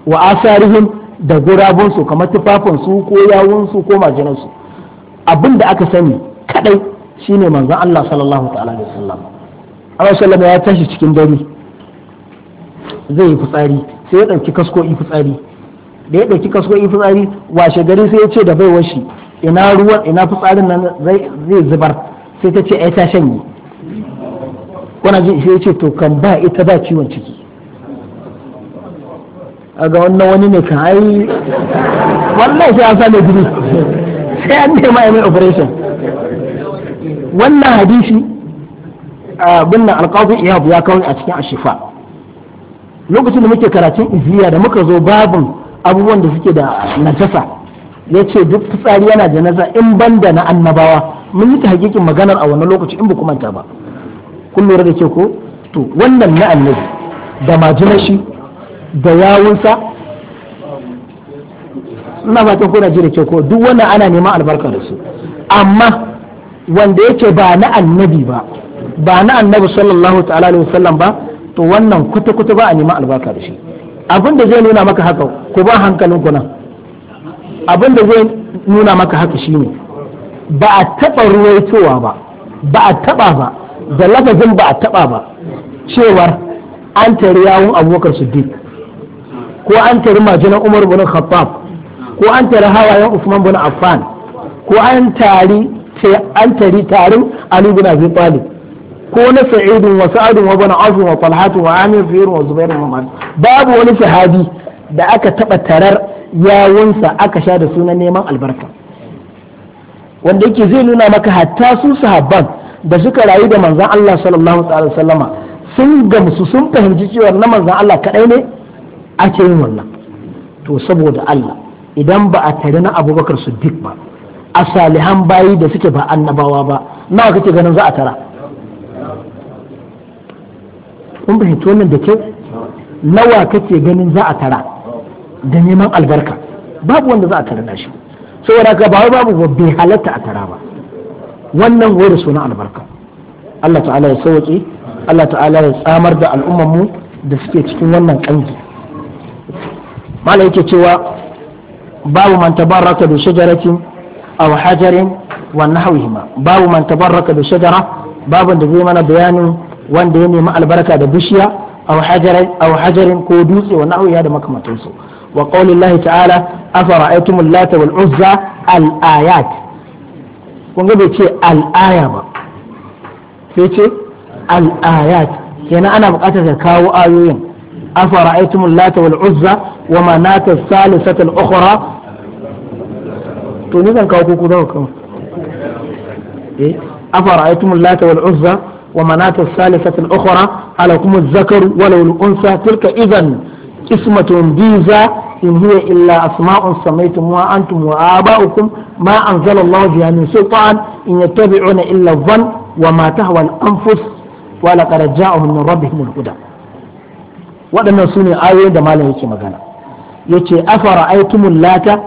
A: wa sarihin da gurabun su kamar tufafin su ko yawun ko majinan su abin da aka sani kadai shine manzon Allah sallallahu ta'ala alaihi wasallam Allah ya tashi cikin dare zai yi fitsari sai ya ɗauki kasko yi fitsari da ya ɗauki kasko yi fitsari washe gari sai ya ce da bai washi ina ruwan ina fitsarin nan zai zubar sai ta ce ai ta shanye wani ji sai ya ce to kan ba ita ba ciwon ciki a ga wannan wani ne kan ai wallahi sai an sa digiri sai an nema mai operation wannan hadisi abin nan alqazi ya kawo a cikin ashifa lokacin da muke karatun iziya da muka zo babin abubuwan da suke da najasa ya ce duk fitsari yana da najasa in banda na annabawa mun yi ta hakikin maganar a wannan lokaci in ba kuma ta ba kun da ke ko to wannan na annabi da majinashi da yawunsa ina fatan kuna ji da ke ko duk wannan ana neman albarka da su amma wanda yake ba na annabi ba ba na annabi sallallahu ta'ala alaihi wasallam ba to wannan kuta kuta ba a neman albarka da shi abin da zai nuna maka haka ku ba hankalin ku nan abin da zai nuna maka haka shine ba a taba ruwaitowa ba ba a taba ba da lafazin ba a taba ba cewar an tari yawun abubakar siddiq ko an tari majinan umar bin khattab ko an tari hawayen usman bin affan ko an tari an tari tarin ali bin abi talib ko na sa'idun wa sa'adun wa bana azu wa talhatu wa amir zuhair wa zubair wa babu wani sahabi da aka taba tarar yawunsa aka sha da sunan neman albarka wanda yake zai nuna maka hatta su sahabban da suka rayu da manzon Allah sallallahu alaihi wasallama sun gamsu sun fahimci cewa na manzon Allah kadai ne ake yin wannan to saboda Allah idan ba a tare na Abubakar Siddiq ba a salihan bayi da suke ba annabawa ba nawa kake ganin za a tara kun fahimci wannan da kyau nawa kake ganin za a tara da neman albarka babu wanda za a tara da shi saboda ka ba babu bai halatta a tara ba wannan wai da suna albarka Allah ta'ala ya sauke Allah ta'ala ya tsamar da al'ummar mu da suke cikin wannan kangi mala yake cewa babu man tabarraka bi shajaratin aw hajarin wa nahwihima babu man tabarraka da shajara babu da zai mana bayanin wanda ya nemi albarka da bishiya aw hajarin aw hajarin ko dutse wa nahwiya da makamantansu wa qaulillahi ta'ala afara'aytum al-lata wal uzza al-ayat kun ga bai ce al-aya ba sai ce al-ayat kenan ana buƙatar ka kawo ayoyin afara'aytum al-lata wal uzza wa manat al-thalithata al-ukhra to ni zan kawo ku ku dawo kan eh afara'aytum al-lata wal uzza ومناة الثالثة الأخرى على كم الذكر ولو الأنثى تلك إذا قسمة ضيزى إن هي إلا أسماء سميتموها أنتم وآباؤكم ما أنزل الله بها من سلطان إن يتبعون إلا الظن وما تهوى الأنفس ولقد جاءهم من ربهم الهدى waɗannan su ne ayoyin da malam yake magana yace afara aitumul lata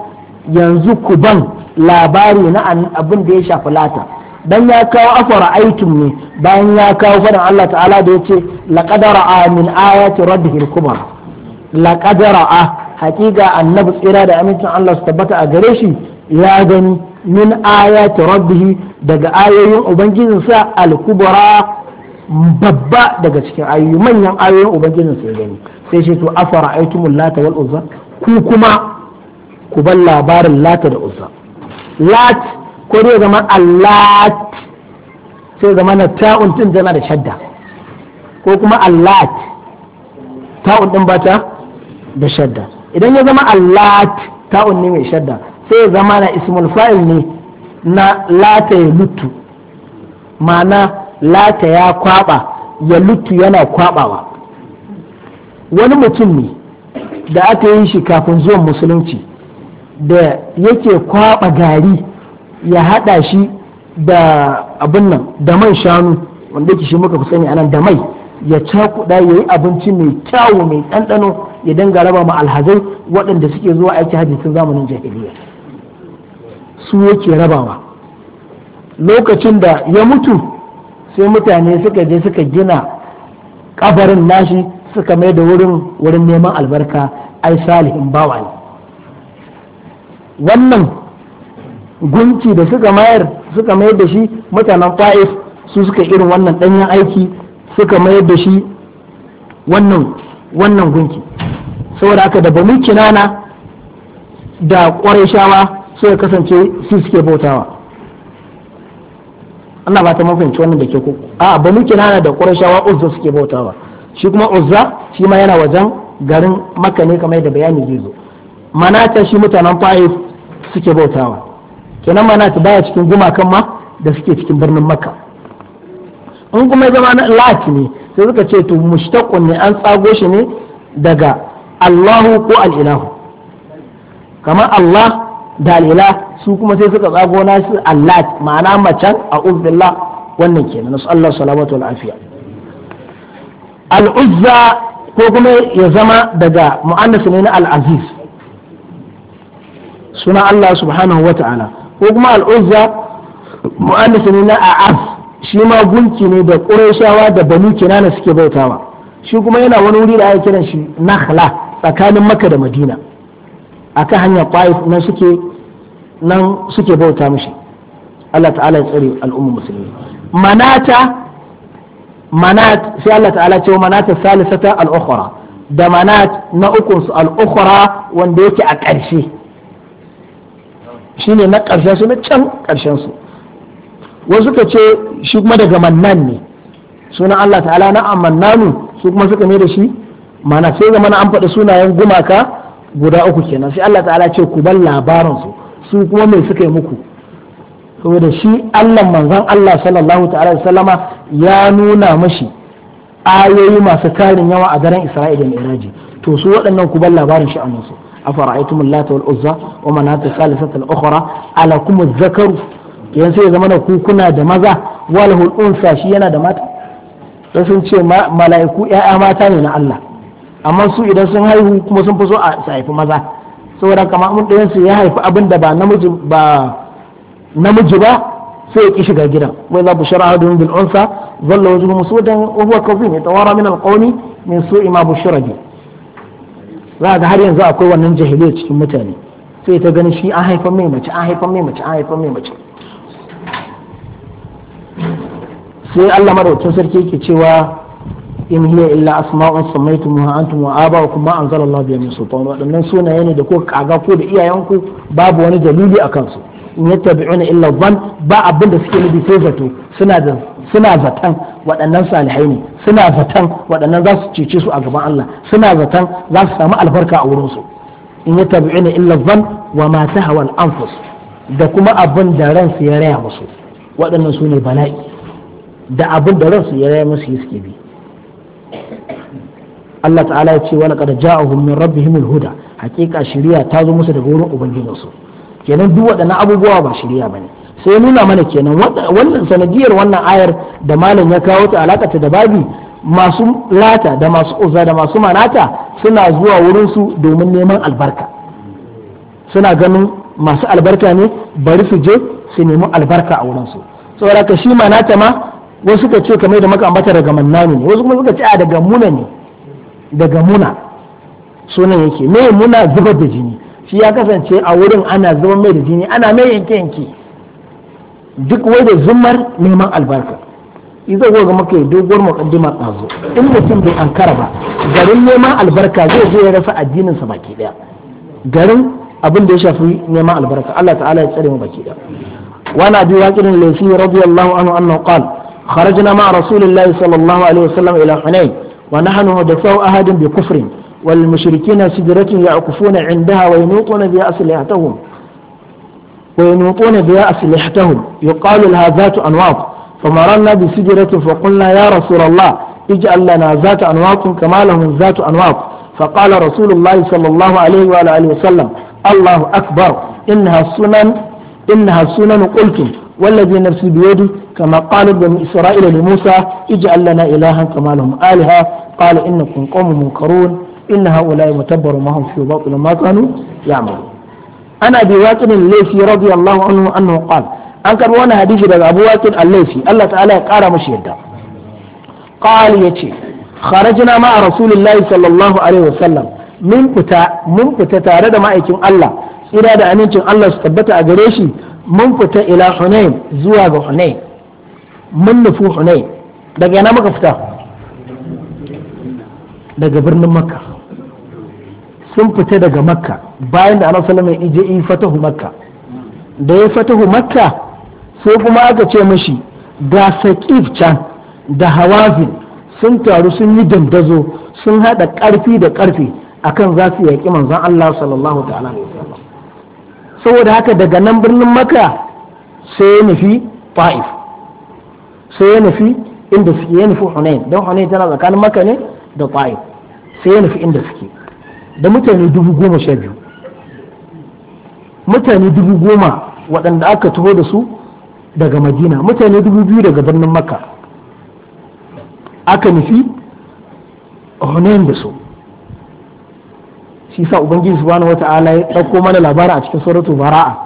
A: yanzu ku ban labari na abin da ya shafi lata dan ya kawo afara aikin ne bayan ya kawo faɗin Allah ta'ala da yace laƙadara a min ayati rabbihil kubra laƙadara a haƙiƙa annabi tsira da amincin Allah su tabbata a gare shi ya gani min ayati rabbih daga ayoyin ubangijinsa al babba daga cikin ayoyi manyan ayoyin ubangijinsa ya gani sai shi to afara aikin lata wal uzza ku kuma ku bar labarin lata da uzza lat ko dai zama allat sai zama na ta'un din tana da shadda ko kuma allat ta'un din bata da shadda idan ya zama allat ta'un ne mai shadda sai ya zama na ismul fa'il ne na lata ya lutu ma'ana lata ya kwaba ya lutu yana kwabawa wani mutum ne da aka yi shi kafin zuwan musulunci da yake kwaba gari ya haɗa shi da abin nan da man shanu wanda yake shi muka fi sani anan da mai ya cakuɗa ya yi abinci mai kyawu mai ɗanɗano ya danga raba ma alhazai waɗanda suke zuwa aiki hajji tun zamanin jahiliya su yake rabawa lokacin da ya mutu sai mutane suka je suka gina kabarin nashi suka mai da wurin wurin neman albarka ai salihin bawa ne wannan gunki da suka mayar suka mayar da shi mutanen fa'is su suka irin wannan danyen aiki suka mayar da shi wannan wannan gunki saboda aka da bamu kinana da ƙwarai suka kasance su suke bautawa Allah ba ta mafinci wannan da ke ko a banu kinana da ƙwarai uzza suke bautawa shi kuma uzza shi ma yana wajen garin makka ne kamar da bayani zai zo manata shi mutanen fa'is suke bautawa kenan ta baya cikin gumakan ma da suke cikin birnin makka in kuma zama na lati ne sai suka ce to mushtaqun ne an tsago shi ne daga allahu ko al'ilahu kamar allah da al'ilah su kuma sai suka tsago na su allat ma'ana mace a uzbillah wannan kenan nasu allah salamatu wal afiya al'uzza ko kuma ya zama daga mu'annas ne na al'aziz suna allah subhanahu wa ta'ala ko kuma al'uzza mu'annisa ne na a'af shi ma gunki ne da ƙurashawa da banu kinana suke bautawa shi kuma yana wani wuri da ake kiran shi nakhla tsakanin makka da madina akan hanyar ƙwaif nan suke nan suke bauta mishi Allah ta'ala ya tsare al'ummar musulmi manata manat sai Allah ta'ala ce manata salisata al-ukhra da manat na ukun su al-ukhra wanda yake a ƙarshe shine na karshen su na can ƙarshen su wasu ka ce shi kuma daga mannan ne sunan Allah ta'ala na amannanu su kuma suka ne da shi mana sai zama na an faɗi sunayen gumaka guda uku kenan sai Allah ta'ala ce ku bar labarin su su kuma mai suka yi muku saboda shi Allah manzon Allah sallallahu ta'ala sallama ya nuna mashi ayoyi masu karin yawa a daren Isra'ila da Miraji to su waɗannan ku bar labarin shi a musu afara'aytum allata wal uzza wa manata salisata al-ukhra alakum adh-dhakaru zama na ku kuna da maza wala hul'unsa shi yana da mata sai sun ce mala'iku ƴaƴa mata ne na Allah amma su idan sun haihu kuma sun fi so a haifi maza saboda kama mun ɗayan su ya haifi abin da ba namiji ba namiji ba sai ya ki shiga gidan wai za ku shara bil unsa zalla wajhu musudan wa huwa kazim yatawara min al-qawmi min su'i ma bushira bihi za ga har yanzu akwai wannan jahiliyar cikin mutane sai ta gani shi an haifan mai mace an haifan mai mace an haifan mai mace sai Allah madaukakin sarki yake cewa in hiya illa asma'un sammaytumuha antum wa aba'ukum ma anzalallahu biha min sultan wadannan sunaye ne da ko kaga ko da iyayenku babu wani dalili akan su in yattabi'una illa dhann ba abin da suke nubi sai zato suna da suna zaton waɗannan salihai ne suna zaton waɗannan za su cece su a gaban Allah suna zaton za su samu albarka a wurinsu in ya tabi'ina illa zan wa ma hawan al-anfus da kuma abin da ransu ya raya musu waɗannan su ne bala'i da abin da ransu ya raya musu yi suke bi Allah ta'ala ya ce wa laqad ja'ahum min rabbihim al-huda hakika shari'a ta zo musu daga wurin ubangijinsu kenan duk waɗannan abubuwa ba shari'a bane sai nuna mana kenan wannan sanadiyar wannan ayar da malam ya kawo ta alaka da babi masu lata da masu uza da masu manata suna zuwa wurinsu domin neman albarka suna ganin masu albarka ne bari su je su nemi albarka a wurinsu saboda ka shi manata ma wasu suka ce kamar da maka ambata daga mannani ne wasu kuma suka ce a daga muna ne daga muna sunan yake mai muna zubar da jini shi ya kasance a wurin ana zubar mai da jini ana mai yanke yanke duk wai da zumar neman albarka idan ga maka doguwar mukaddima ɗazu in mutum bai ankara ba garin neman albarka zai zo ya rasa addinin sa baki daya garin abin da ya shafi neman albarka Allah ta'ala ya tsare mu baki daya wa na bi waqirin laysi radiyallahu anhu annahu qala خرجنا مع رسول الله صلى الله عليه وسلم إلى حنين ونحن هدفاء kufuna بكفر والمشركين سدرة يعكفون عندها وينوطون بها أسلحتهم وينوطون بأسلحتهم يقال لها ذات أنواط فمررنا بسجرة فقلنا يا رسول الله اجعل لنا ذات أنواط كما لهم ذات أنواط فقال رسول الله صلى الله عليه وآله وسلم الله أكبر إنها السنن إنها السنن قلتم والذي نفسي بيده كما قال بني إسرائيل لموسى اجعل لنا إلها كما لهم آلهة قال إنكم قوم منكرون إن هؤلاء متبر ما هم في باطل ما كانوا يعملون ana bi waqidin laifi radiyallahu anhu annahu qala an karbo wani hadisi daga Abu Waqid al-Laifi Allah ta'ala ya kara mashi yadda qal yace kharajna ma'a rasulillahi sallallahu alaihi wasallam mun fita mun fita tare da ma'aikin Allah tsira da amincin Allah su tabbata a gare shi mun fita ila Hunain zuwa ga hunai mun nufi Hunain daga yana muka fita daga birnin Makka sun fita daga makka bayan da annabi salama alaihi wasallam ya fatahu makka da ya fatahu makka sai kuma aka ce mashi ga saƙif can da hawazin sun taru sun yi dandazo sun haɗa ƙarfi da a akan za su yaƙi manzan Allah sallallahu ta'ala saboda haka daga nan birnin makka sai ya nufi fa'if sai ya nufi inda suke ya nufi hunain don hunain tana tsakanin makka ne da fa'if sai ya nufi inda suke da mutane dubu goma sha biyu mutane dubu goma waɗanda aka taho da su daga madina mutane dubu biyu daga birnin makka aka nufi hunayen da su shi sa ubangiji subhanahu wata'ala ya ɗauko mana labara a cikin suratu bara'a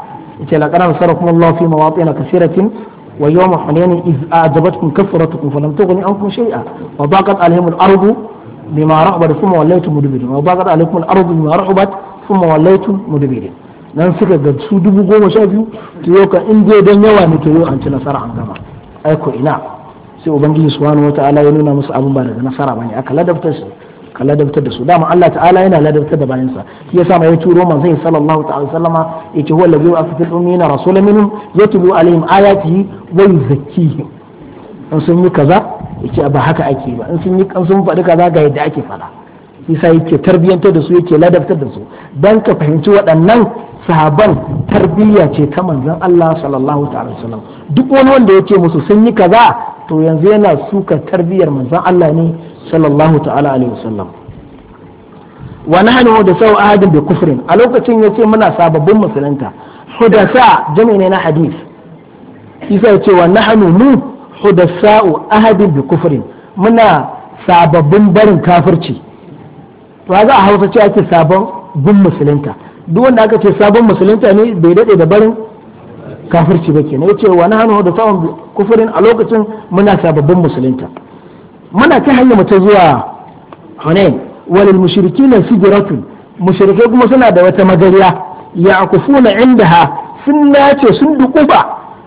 A: yace laqad nasarakum Allah fi mawatin kathiratin wa yawma hunayn iz a'jabatkum kathratukum falam tughni ankum shay'a wa daqat alaihim al-ardu bima rahabat kuma wallaitu mudbirin wa baqat alaikum al-ardu bima rahabat kuma wallaitu mudbirin nan suka ga su dubu goma sha biyu to yau kan inda dai dan yawa ne to yau an ci nasara an gama aiko ina sai ubangiji subhanahu wataala ya nuna musu abin ba daga nasara ba bane aka ladabtar su ka ladabtar da su dama Allah ta'ala yana ladabtar da bayan sa shi yasa mai turo manzon sallallahu ta'ala sallama yake huwa allazi wa afsil ummina rasulan minhum yatlu alaihim ayatihi wa yuzakkihim in sun yi kaza yace ba haka ake ba in sun yi kan sun faɗi kaza ga yadda ake faɗa isa yake tarbiyyantar da su yake ladabtar da su dan ka fahimci waɗannan sahaban tarbiyya ce ta manzon Allah sallallahu ta'ala wasallam duk wani wanda yake musu sun yi kaza to yanzu yana suka tarbiyyar manzon Allah ne sallallahu ta'ala alaihi wasallam wa nahnu da sau ahadin bi kufrin a lokacin yace muna sababbin musulunta hudasa jami'i ne na hadith isa yace wa nahnu mu hudassa'u ahadin bi kufrin muna sababbin barin kafirci to ga a hausa ce ake gun musulunta duk wanda aka ce sabon musulunta ne bai daɗe da barin kafirci ba kenan yace wa nahnu da sa'un kufurin a lokacin muna sababbin musulunta muna ta hanyar mu ta zuwa Hunain walil mushrikina sijratun mushrike kuma suna da wata magariya akufuna indaha sun nace sun dukuba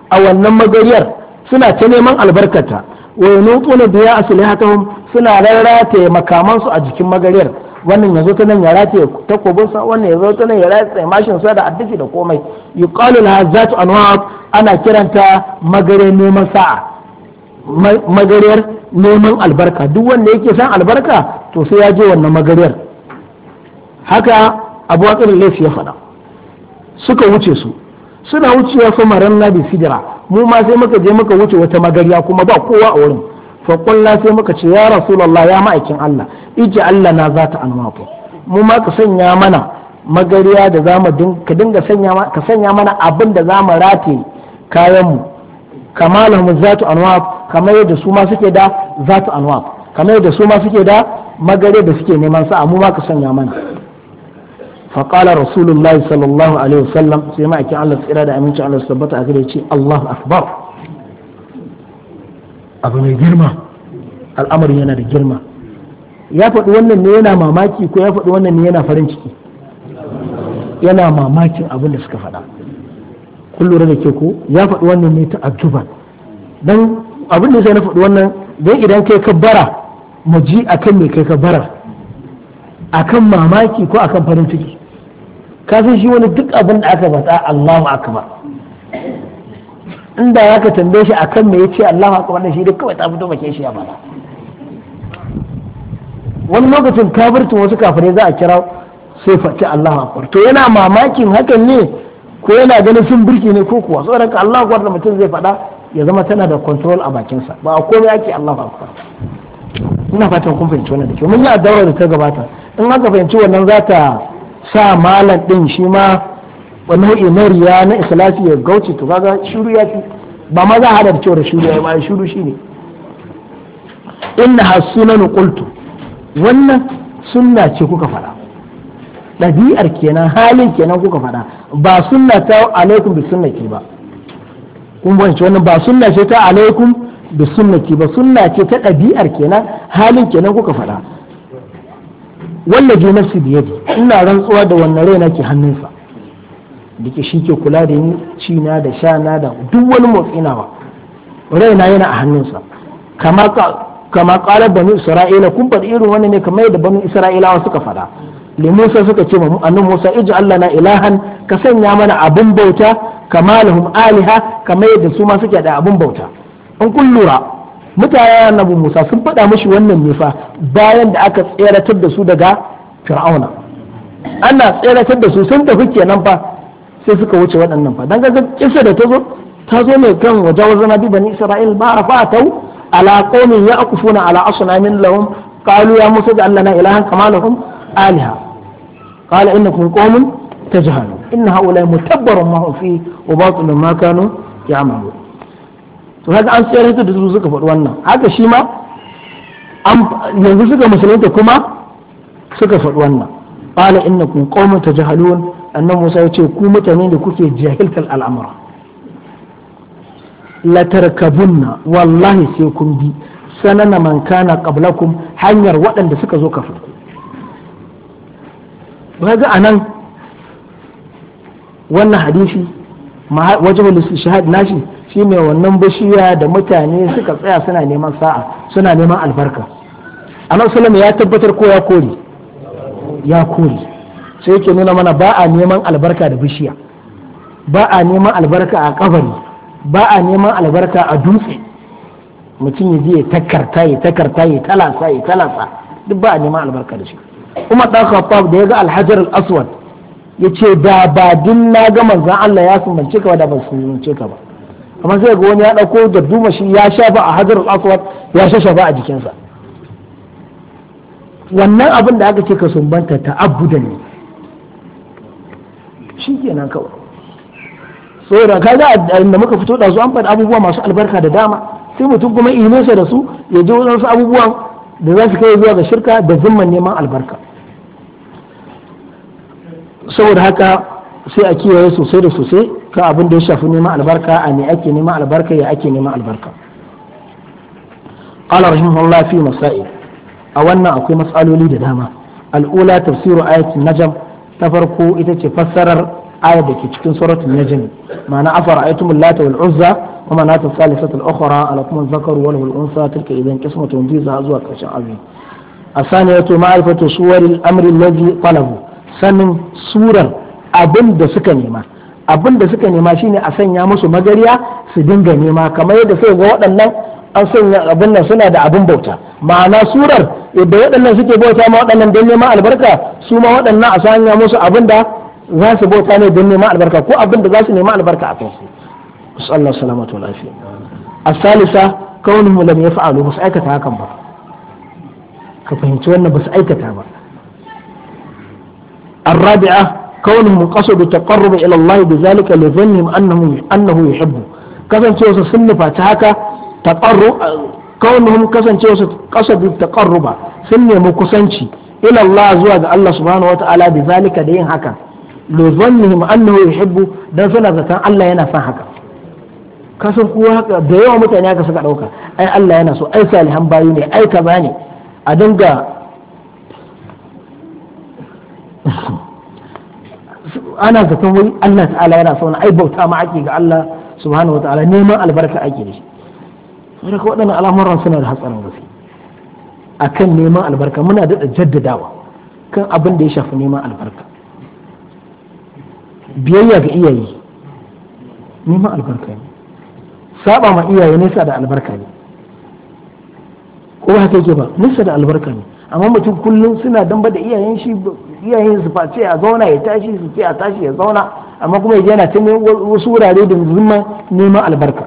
A: a wannan magariyar suna ta neman albarkata wa asali biya aslihatahum suna rarrata makaman su a jikin magariyar wannan yazo ta nan ya rataye takobin sa wannan yazo ta nan ya rataye mashin sa da addufi da komai yuqalu laha zatu anwa ana kiranta magariyar neman sa'a magariyar neman albarka duk wanda yake san albarka to sai ya je wannan magariyar haka abu wakil laifi ya faɗa suka wuce su suna wucewa fa maran nabi sidira mu ma sai muka je muka wuce wata magariya kuma ba kowa a wurin fa kullu sai muka ce ya rasulullahi ya ma'aikin Allah ije Allah na zata anwaqu mu ma ka sanya mana magariya da zamu din ka dinga sanya ka sanya mana abin da zamu rate kayan mu za ta anwaq kamar yadda su ma suke da ta anwaq kamar yadda su ma suke da magare da suke neman sa mu ma ka sanya mana فقال رسول الله صلى الله عليه وسلم سيما أكي الله دا أمين الله سبحانه أكيد الله اكبر
B: abu mai girma
A: الامر yana da girma ya faɗi wannan ne yana mamaki ko ya faɗi wannan ne yana farin ciki yana mamakin abin da suka faɗa kun lura da ke ko ya faɗi wannan ne ta ajuba Dan abin da sai na faɗi wannan don idan kai ka bara mu ji akan me kai ka bara akan mamaki ko akan farin ciki kafin shi wani duk abin da aka faɗa Allahu akbar inda ya ka tambaye shi akan me yace Allahu akbar da shi duk kawai ta fito bakin shi ya bala wani lokacin kafirtin wasu kafirai za a kira sai faci Allahu akbar to yana mamakin hakan ne ko yana ganin sun birki ne ko kuwa saboda ka Allahu akbar da mutum zai faɗa ya zama tana da control a sa ba a komai ake Allahu akbar ina fatan kun fahimci wannan da kyau mun yi a da ta gabata in aka fahimci wannan za ta sa malam din shi ma wani nau'i na riya na islasi ya gauce to kaga shiru ya fi ba ma za a hada da cewar shiru ya ba shiru ne. inna hasunan qultu wannan sunna ce kuka fada ɗabi'ar kenan halin kenan kuka fada ba sunna ta alaikum bi ke ba kun ba wannan ba sunna ce ta alaikum bi ke ba sunna ce ta ɗabi'ar kenan halin kenan kuka fada wallaje nafsi biyadi ina rantsuwa da wannan rai nake hannunsa ke shi ke kula da ni cina da shana da duk wani motsi nawa raina yana a hannunsa kama kama banu isra'ila kun faɗi irin wani ne kamar yadda banu isra'ilawa suka faɗa li suka ce mu annabi Musa Allah na ilahan ka sanya mana abun bauta kama lahum aliha kamar yadda su ma suke da abun bauta in kun lura mutane annabi Musa sun faɗa mashi wannan ne fa bayan da aka tseratar da su daga Fir'auna ana tseratar da su sun tafi kenan fa sai suka wuce waɗannan fa dan ga kisa da ta zo ta zo ne kan wajawazan nabi bani Isra'il ba fa tau ala qaumin yaqufuna ala asnamin lahum qalu ya musa ja'al lana ilahan kama lahum aliha qala innakum qaumun tajhalun inna haula mutabbarun ma hum fi wa batilun ma kanu ya'malun to kaga an tsere da su suka faɗi wannan haka shi ma yanzu suka musulunta kuma suka faɗi wannan qala innakum qaumun tajhalun annabi Musa ya ce ku mutane da kuke jahiltar al'amura la tarkabunna wallahi sai kun bi sanana man kana qablakum hanyar waɗanda suka zo kafin ku anan wannan hadisi wajen istishhad nashi Shi shine wannan bishiya da mutane suka tsaya suna neman sa'a suna neman albarka annabi sallallahu ya tabbatar ko ya kori ya kori sai yake nuna mana ba a neman albarka da bishiya ba a neman albarka a kabari ba a neman albarka a dutse mutum ya je takarta ya takarta ya talasa ya talasa duk ba a neman albarka da shi kuma dan khattab da ya ga alhajar al-aswad ya ce da ba din na ga manzan Allah ya sumbance ka ba da ba sumbance ka ba amma zai ga wani ya ɗauko da duma shi ya shafa a hajar aswad ya ba a jikinsa wannan abin da aka ce ka sumbanta ta'abbudan ne shi kenan kawai saboda a inda muka fito da su an faɗi abubuwa masu albarka da dama sai mutum kuma imansa da su ya ji wasu abubuwan da za su kai zuwa ga shirka da zimman neman albarka saboda haka sai a kiyaye sosai da sosai kan abin da ya shafi neman albarka a me ake neman albarka ya ake neman albarka qala rahimahullah fi masail a wannan akwai matsaloli da dama al'ula tafsiru ayatin najam ta farko ita ce fassarar ayar da ke cikin suratul najm ma'ana afara ayatul lata wal uzza wa manat salisatul ukhra alakum zakaru wal unsa tilka idan qismatun biza zuwa karshen abin asaniyatu ma'rifatu suwaril amri alladhi talabu sanin surar abin da suka nema abin da suka nema shine a sanya musu magariya su dinga nema kamar yadda sai ga waɗannan an sanya abin nan suna da abin bauta ma'ana surar yadda waɗannan suke bauta ma waɗannan don neman albarka su ma waɗannan a sanya musu abin da za su bauta ne don neman albarka ko abin da za su nema albarka a kansu sallallahu salamatu lafiya asalisa kaunuhu ya yaf'alu ba su aikata hakan ba ka fahimci wannan ba su aikata ba الرابعة kaunihim qasadu taqarrubu ila Allah bi zalika li dhannihim annahu annahu yuhibbu kasancewa sun nufa ta haka taqarru kaunihim kasancewa su qasadu taqarruba sun nemi kusanci ila zuwa ga Allah subhanahu wataala bi da yin haka li dhannihim annahu yuhibbu dan suna zaton Allah yana son haka kasan kowa haka da yawa mutane haka suka dauka ai Allah yana so ai salihan bayu ne ai kaza ne a dinga ana zaton wai Allah ta'ala yana sauna ai bauta ma ake ga Allah subhanahu wataala neman albarka ake da shi sai ka waɗannan al'amuran suna da hatsarin gaske akan neman albarka muna daɗa jaddadawa kan abin da ya shafi neman albarka biyayya ga iyaye neman albarka ne saba ma iyaye nesa da albarka ne ko haka yake ba nesa da albarka ne amma mutum kullum suna damba da iyayen shi iyayen su face a zauna ya tashi su ce a tashi ya zauna amma kuma yaje yana cin wasu wurare da zumman neman albarka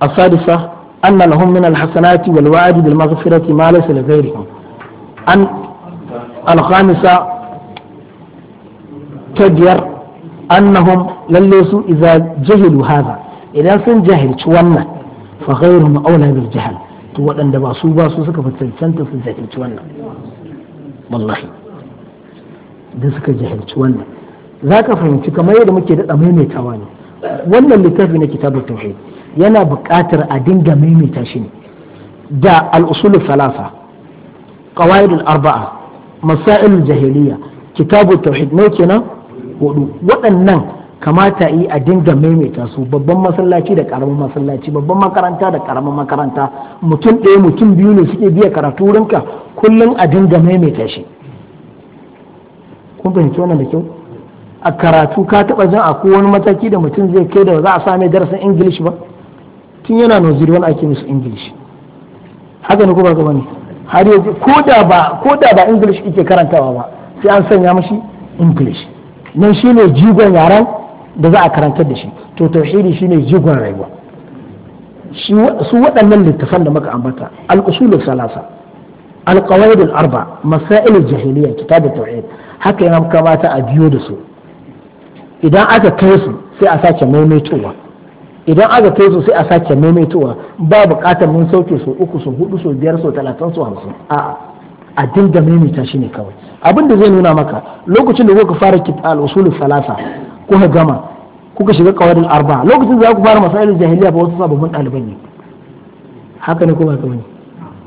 A: asadisa min alhasanati السادسة أن لهم من الحسنات والوعد بالمغفرة ما ليس لغيرهم أن الخامسة تجر أنهم لليسوا إذا جهلوا هذا إذا سن جهل شوانا فغيرهم bil jahl to waɗanda ba su ba su suka fi cancanta su jahilci wannan
B: wallahi da suka
A: jahilci wannan za ka fahimci kamar yadda muke daɗa maimaitawa ne wannan littafi na kitabun tauhid yana buƙatar a dinga maimaita shi ne da al'usul salafa qawaid arba'a masail jahiliya kitabun tauhid ne kenan hudu waɗannan kamata yi a dinga maimaita su babban masallaci da karamin masallaci babban makaranta da karamin makaranta mutum ɗaya mutum biyu ne suke biya karatu wurinka kullum a dinga maimaita shi kun fahimci wannan da kyau a karatu ka taɓa jin akwai wani mataki da mutum zai kai da za a same darasin ingilish ba tun yana noziri wani ake musu ingilish haka ne ko ba gaba ne har yanzu ko da ba ko da ba ingilish yake karantawa ba sai an sanya mashi ingilish nan shine jigon yaran da za a karantar da shi to tauhidi shine jigon rayuwa su waɗannan littafan da muka ambata al-usul salasa al-qawaid al-arba masail al-jahiliya kitab at-tauhid haka yana kamata a biyo da su idan aka kai su sai a sace maimaitowa idan aka kai su sai a sace maimaitowa ba buƙatar mun sauke su uku su hudu su biyar su talatin su hamsin a'a a dinga maimaita shi ne kawai abin da zai nuna maka lokacin da kuka fara kitab al-usul salasa kuka gama kuka shiga kawarin arba lokacin za ku fara masailin jahiliya ba wasu sababbin ɗaliban ne haka ne kuma kamar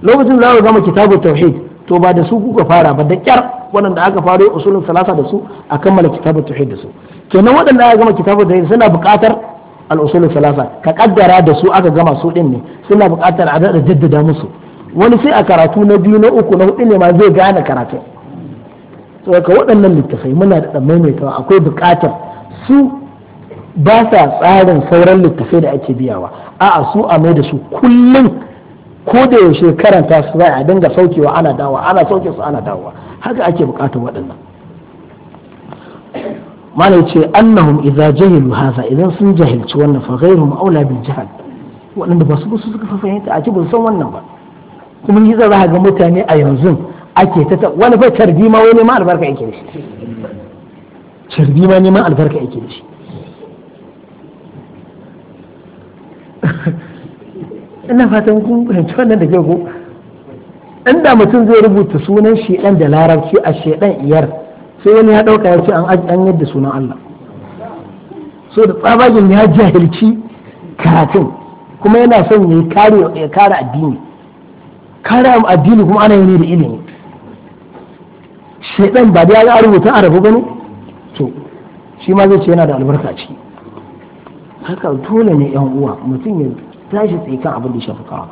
A: lokacin za ku gama kitabun tauhid to ba da su kuka fara ba da kyar waɗanda aka faro usulun salasa da su a kammala kitabun tauhid da su kenan waɗanda aka gama kitabun tauhid suna buƙatar al'usulun salasa ka kaddara da su aka gama su ɗin ne suna buƙatar a daɗa jaddada musu wani sai a karatu na biyu na uku na hudu ne ma zai gane karatun ka waɗannan littafai muna da maimaitawa akwai buƙatar su ba sa tsarin sauran littafai da ake biyawa a'a su a mai da su kullum ko da yaushe karanta su za a dinga saukewa ana dawa ana sauke su ana dawa haka ake bukatar waɗannan mana ce annahum idza jahilu haza idan sun jahilci wannan fa ghairuhum aula bil jahl waɗanda ba su ba su suka fahimta a ce ba san wannan ba kuma yi za ga mutane a yanzu ake ta wani fa tarbi ma wani ma albarka yake da shi Shirbi ma neman albarka yake da shi ina fatan kun fahimci wannan da kyau inda mutum zai rubuta sunan shedan da larabci a shedan iyar sai wani ya dauka ya ce an an yadda sunan Allah so da tsabagin ya jahilci karatun kuma yana son ya kare ya kare addini kare addini kuma ana yi da ilimi shedan ba da ya rubuta a arabu bane shi ma zai ce yana da albarka ciki haka dole ne yan uwa mutum ya tashi tsaye kan abin da ya shafi kawo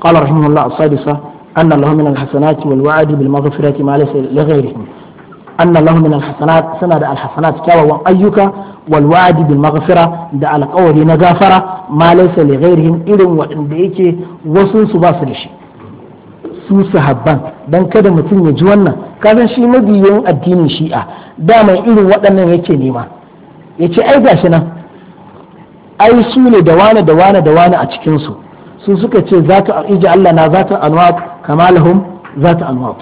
A: قال رحمه الله السادسة أن الله من الحسنات والوعد بالمغفرة ما ليس لغيرهم أن الله من الحسنات سند الحسنات كوا وأيك والوعد بالمغفرة دع القول نغافرة ما ليس لغيرهم إذن وإن بيك وصل سباس لشيء su sahabban don kada mutum ya ji wannan kasan shi mabiyin addinin shi'a daman irin waɗannan yake nema ya ce ai gashi nan ai su ne da wane da wane da wane a cikinsu su suka ce za ta iji Allah na za ta anwat kama lahum za ta anwat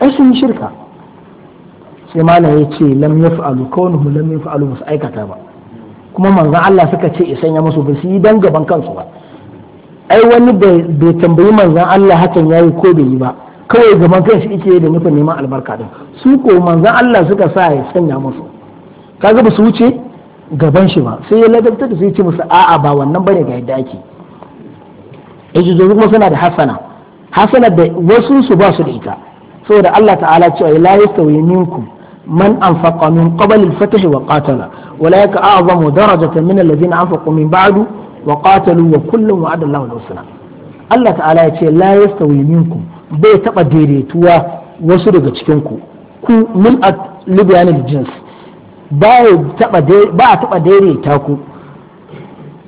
A: ai sun yi shirka sai malam ya ce lam yaf'alu kaunuhu lam yaf'alu musu aikata ba kuma manzon Allah suka ce isan ya musu ba su yi dan gaban kansu ba ai wani bai tambayi manzan Allah hakan ya yi ko bai yi ba kawai gaban shi ike da nufin neman albarka din su ko manzan Allah suka sa ya sanya musu kaga ba su wuce gaban shi ba sai ya ladabta da sai ce musu a'a ba wannan bane ga yadda ake yaji zo kuma suna da hasana hasana da wasu su ba su da ita saboda Allah ta'ala cewa la yastawi minkum min qabli al-fath wa qatala wa la yak'a'zamu darajatan min alladhina anfaqu min badu wa qatalu wa kullum wa'ada Allahu al-husna Allah ta'ala ya ce la yastawi minkum bai taba daidaituwa wasu daga cikin ku ku min at libyan jins ba taba ba taba daidaita ku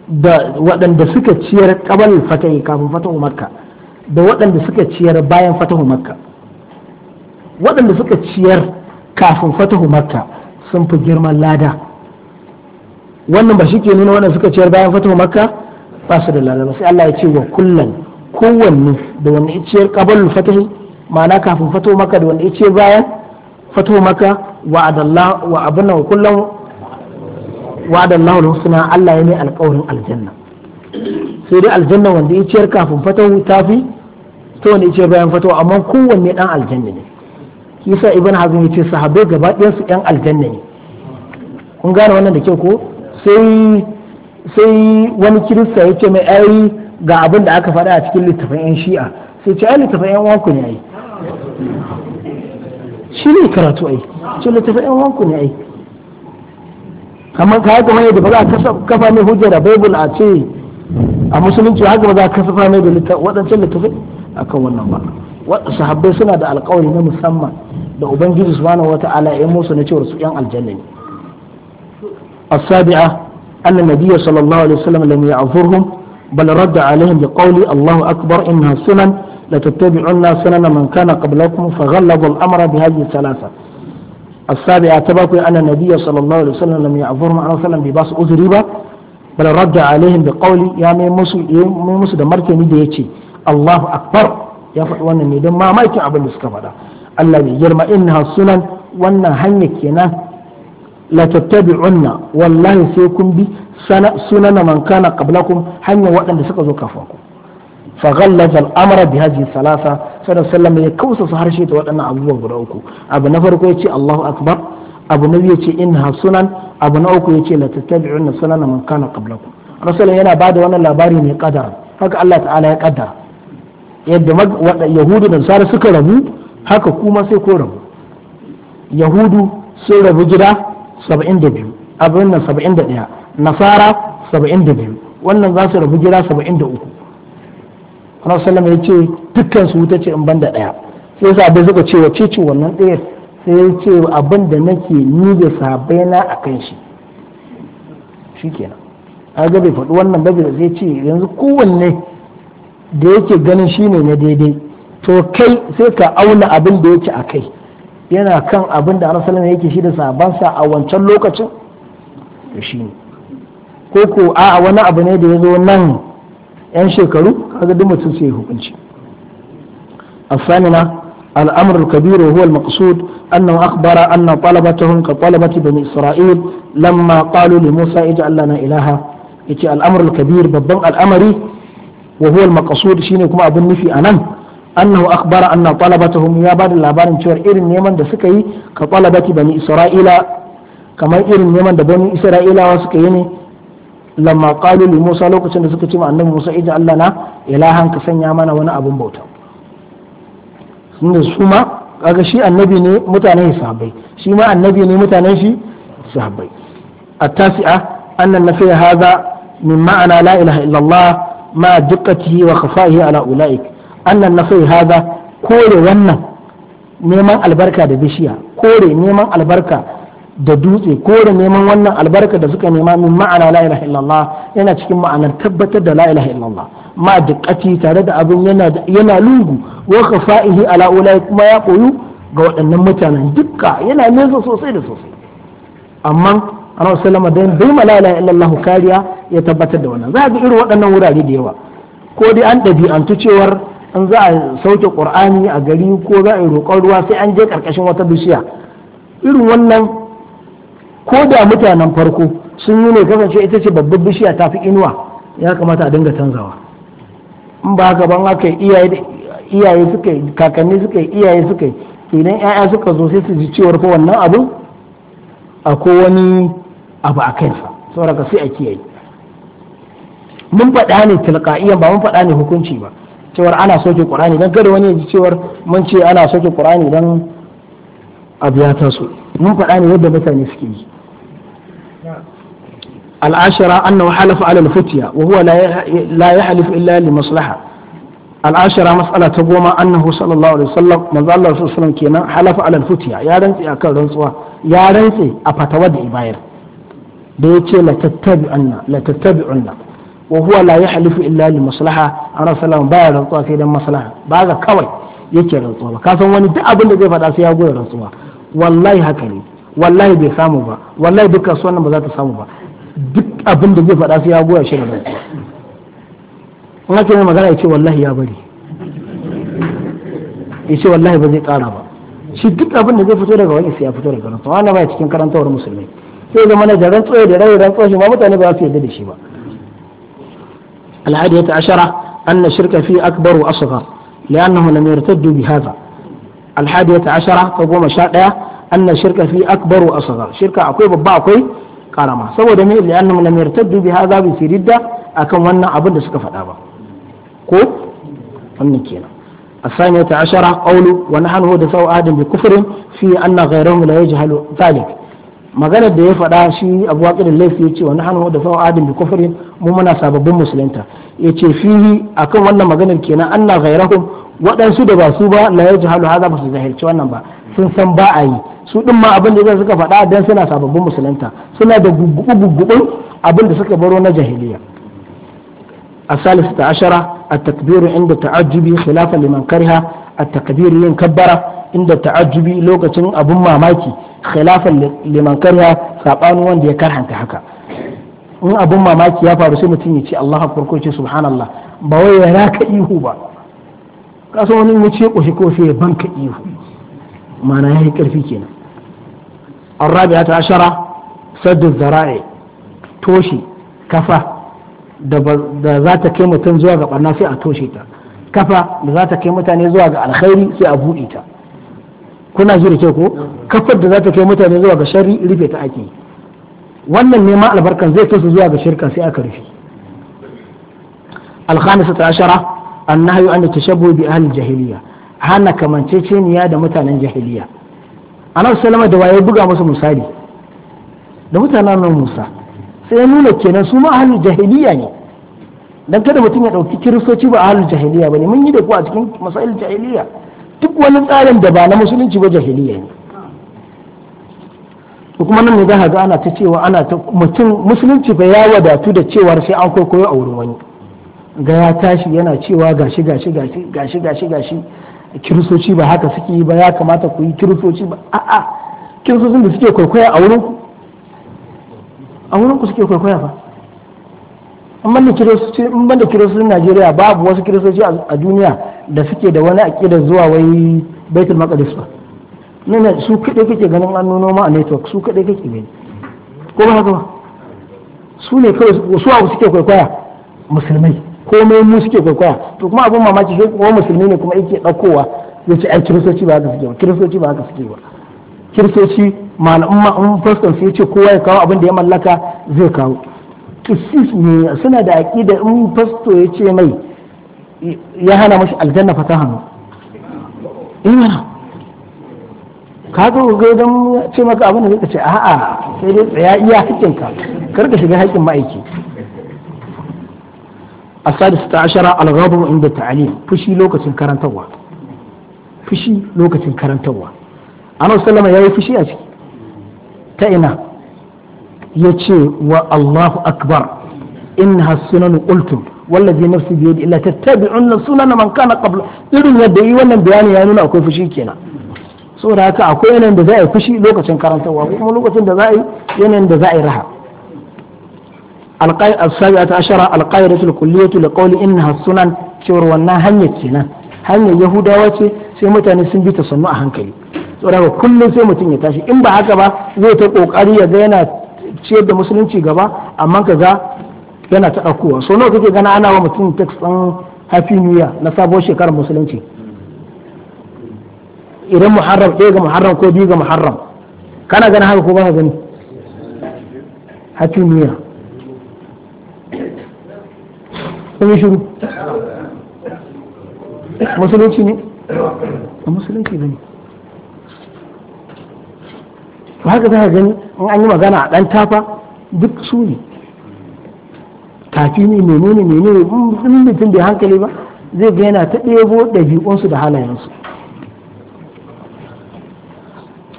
A: da waɗanda suka ciyar kabal fatahi kafin fatahu makka da waɗanda suka ciyar bayan fatahu makka waɗanda suka ciyar kafin fatahu makka sun fi girman lada wannan ba shi ke nuna wannan suka ciyar bayan fatuwa makka ba su da lalaba sai Allah ya ce wa kullum kowanne da wani ciyar kabalul fatahi ma'ana kafin fatuwa makka da wani ciyar bayan fatuwa makka wa adalla wa abunna wa kullum wa adallahu husna Allah ya ne alƙawarin aljanna sai dai aljanna wanda ya ciyar kafin ta tafi ta wanda ya ciyar bayan fatahu amma kowanne dan aljanna ne kisa ibn hazm ya ce sahabbai gaba ɗayan su ɗan aljanna ne kun gane wannan da kyau ko sai wani kirista ya ce mai ai ga abin da aka faɗa a cikin littafin yan shi'a sai ce ai littafin yan wanku ne ai shi ne karatu ai ce littafin yan wanku ne ai kamar ka haka mai yadda ba za a kafa mai hujjar da bible a ce a musulunci haka ba za a kafa mai da waɗancan a kan wannan ba sahabbai suna da alkawari na musamman da ubangiji subhanahu wata'ala ya musu na cewa su yan aljanna ne السابعة أن النبي صلى الله عليه وسلم لم يعذرهم بل رد عليهم بقول الله أكبر إنها سنن لتتبعن سنن من كان قبلكم فغلظ الأمر بهذه الثلاثة السابعة تبقى أن النبي صلى الله عليه وسلم لم يعذرهم أنا وسلم بباس أذربا بل رد عليهم بقول يا مي مسو يا مي مسو da martani da yace Allahu akbar ya faɗi wannan ne don mamakin abin da suka faɗa Allah bai girma inna sunan wannan hanya kenan la wallahi sai kun bi sunan man kana qablakum hanyar waɗanda suka zo kafin ku fa ghallaza al-amra bi hadhihi thalatha sallallahu alaihi ya kausa su harshe ta waɗannan abubuwan guda uku abu na farko yace Allahu akbar abu na biyu yace inna sunan abu na uku yace la sunan man kana qablakum rasulun yana bada wannan labari ne kadara haka Allah ta'ala ya kadda yadda yahudu da sare suka rabu haka kuma sai ko rabu yahudu sun rabu gida saba'in da biyu abin nan ɗaya nasara saba'in da biyu wannan za su rabu gida uku. ana sallama ya ce dukkan su wuta ce in banda ɗaya sai abin suka ce wa cece wannan ɗaya sai ya ce abin da nake ni da sahabbai na kan shi A ga bai faɗi wannan ba zai ce yanzu kowanne da yake ganin shine na daidai to kai sai ka auna abin da yake a kai yana kan abin da arasalama yake shi da sabansa a wancan lokacin da shi ne ko ko a wani abu ne da ya zo nan yan shekaru kaga duk mutum sai hukunci asamina al'amur kabiru huwa maqsud annan akhbara annan talabatuhum ka talabati bani isra'il lamma qalu li musa ij'al lana ilaha yace al'amur Kabiru babban al'amari wa huwa maqsud shine kuma abun nufi anan annahu akhbara anna talabatahum ya bada labarin cewa irin neman da suka yi ka talabati bani isra'ila kamar irin neman da bani isra'ilawa suka yi ne lamma qalu li musa lokacin da suka ce annabi musa ija Allah na ilahan ka sanya mana wani abun bauta sun suma kaga shi annabi ne mutanen sahabbai shi ma annabi ne mutanen shi sahabbai التاسعة أن النفي هذا ma'ana معنى لا إله إلا الله مع دقته وخفائه على أولئك annan na sai haza kore wannan neman albarka da bishiya kore neman albarka da dutse kore neman wannan albarka da suka nema min ma'ana la ilaha illallah yana cikin ma'anar tabbatar da la ilaha illallah ma dukkati tare da abin yana yana lungu wa khafa'ihi ala ulai kuma ya koyu ga waɗannan mutanen dukka yana nesa sosai da sosai amma ana sallama dan bai ma la ilaha illallah kariya ya tabbatar da wannan za ga irin waɗannan wurare da yawa ko dai an ɗabi'antu cewar in za a sauke ƙur'ani a gari ko za a yi roƙon ruwa sai an je ƙarƙashin wata bishiya irin wannan ko da mutanen farko sun yi ne kasance ita ce babbar bishiya ta fi inuwa ya kamata a dinga canzawa in ba haka ban haka iyaye suka kakanni suka iyaye suka yi idan 'ya'ya suka zo sai su ji cewar ko wannan abin ko wani abu a kansa saboda sai a kiyaye mun faɗa ne tilka'iyan ba mun faɗa ne hukunci ba cewar ana soke qur'ani dan kada wani ji cewar ana soke qur'ani dan abu mun faɗa ne yadda mutane suke yi al'ashara annahu halafa ala al-fitya wa huwa la yahlif illa li al'ashara mas'ala ta goma annahu sallallahu alaihi wasallam manzo Allah sallallahu alaihi wasallam kenan halafa ala al-fitya ya rantsi akan rantsuwa ya rantsi a fatawa da ibayar da yace la tattabi'anna la tattabi'unna wa huwa la yahlifu illa li maslaha ana sallam baya rantsuwa sai dan maslaha ba ga kawai yake rantsuwa ba ka san wani duk abin da zai faɗa sai ya goya rantsuwa wallahi haka ne wallahi bai samu ba wallahi duk kasuwan nan ba za ta samu ba duk abin da zai faɗa sai ya goya shi da rantsuwa in ake mai magana ya ce wallahi ya bari ya ce wallahi ba zai kara ba shi duk abin da zai fito daga wani sai ya fito daga rantsuwa wannan ba cikin karantawar musulmi sai zama na da rantsuwa da rai rantsuwa shi ma mutane ba za su yarda da shi ba الحادية عشرة أن الشرك فيه أكبر وأصغر لأنه لم يرتد بهذا الحادية عشرة تقوم شاء أن الشرك فيه أكبر وأصغر شركة أقوي ببا أقوي كرامة سوى دمير لأنه لم يرتد بهذا بسيردة أكم وانا أبدا سكفت أبا كو ونكينا الثانية عشرة قول ونحن هو دفاع آدم بكفر في أن غيرهم لا يجهل ذلك maganar da ya faɗa shi abu da laifi ya ce wani hannu da fawa adin bi kufurin mu muna sababbin musulunta ya ce a kan wannan maganar kenan an na gairahum waɗansu da ba su ba na yau jihalu haza ba su zahirci wannan ba sun san ba a yi su ɗin ma abin da suka faɗa dan suna sababbin musulunta suna da gugguɓin abin da suka baro na jahiliya A a الثالثة inda التكبير عند liman خلافا a كره yin kabbara inda ta'ajjubi lokacin abun mamaki. khilafan liman karya sabanin wanda ya karhanta haka in abun mamaki ya faru sai mutum ya ce Allah akbar ko ce subhanallah ba wai ya raka ihu ba kasan wani ya ce koshi ko sai ya banka ihu mana ya yi karfi kenan arabiya ta ashara saddu zara'i toshi kafa da za ta kai mutum zuwa ga barna sai a toshe ta kafa da za ta kai mutane zuwa ga alkhairi sai a buɗe ta kuna ji da ke ko kafar da za ta kai mutane zuwa ga shari rufe ta ake wannan neman albarkan zai kai su zuwa ga shirka sai aka rufe الخامسة عشرة النهي عن التشبه بأهل الجاهلية هانا كمان تشينيا da mutanen jahiliya nan salama da waye buga musu misali da mutanen nan Musa sai nuna kenan su ma halin jahiliya ne dan kada mutum ya dauki kiristoci ba a halin jahiliya bane mun yi da ku a cikin masail jahiliya duk wani tsarin da ba na musulunci ba jahiliya ne to kuma nan ne za ga ana ta cewa ana ta mutum musulunci ba ya wadatu da cewar sai an kwaikwayo a wurin wani ga ya tashi yana cewa gashi gashi gashi gashi gashi gashi kiristoci ba haka suke yi ba ya kamata ku yi kiristoci ba a'a kiristocin da suke kwaikwaya a wurin ku a wurin ku suke kwaikwaya ba amma da kiristocin Najeriya babu wasu kiristoci a duniya da suke da wani aƙida zuwa wai baitul maqdis ba ne su kaɗai kake ganin an nuno ma a network su kaɗai kake gani ko ba haka ba su ne kawai su abu suke kwaikwaya musulmai komai mu suke kwaikwaya to kuma abin mamaki sai kuma musulmi ne kuma yake ɗaukowa ya ce ai kiristoci ba haka suke ba kiristoci ba haka suke ba kiristoci malamin in faston sai ce kowa ya kawo abin da ya mallaka zai kawo kisis ne suna da aƙida in fasto ya ce mai ya hana mashi aljanna fata hannu imana eh ka zo ga don ce maka abin da zai ce a'a sai dai tsaya iya hakkinka kar ka shiga hakkin ma'aiki asadis ta ashara al-ghadu inda ya, fushi lokacin karantarwa fushi lokacin karantarwa ana sallama yi fushi a ciki ta ina yace wa allahu akbar inna hasunan qultum wallazi nafsi bi yadi illa tattabi'un sunana man kana qabla irin yadda yi wannan bayani ya nuna akwai fushi kenan saboda haka akwai yanayin da za a yi fushi lokacin karantarwa ko kuma lokacin da za a yi yanayin da za a yi raha ashara عشرة al kulliyatu liqawli innaha sunan cewar wannan hanya kenan hanyar yahudawa ce sai mutane sun bi ta sannu a hankali tsorawa kullum sai mutum ya tashi in ba haka ba zai ta kokari ya ga yana ciyar da musulunci gaba amma ka ga yana ta ɗaukowa so nawa kake gana ana wa mutum text ɗin happy new year na sabuwar shekarar musulunci
B: idan muharram ɗaya ga muharram ko
A: biyu ga muharram kana gana haka ko ba gani happy new year kun shiru musulunci ne a musulunci ne ba haka za ka gani in an yi magana a ɗan tafa duk su ne kafi ne menene menene in mutum bai hankali ba zai ga yana ta ɗebo ɗabi'unsu da halayensu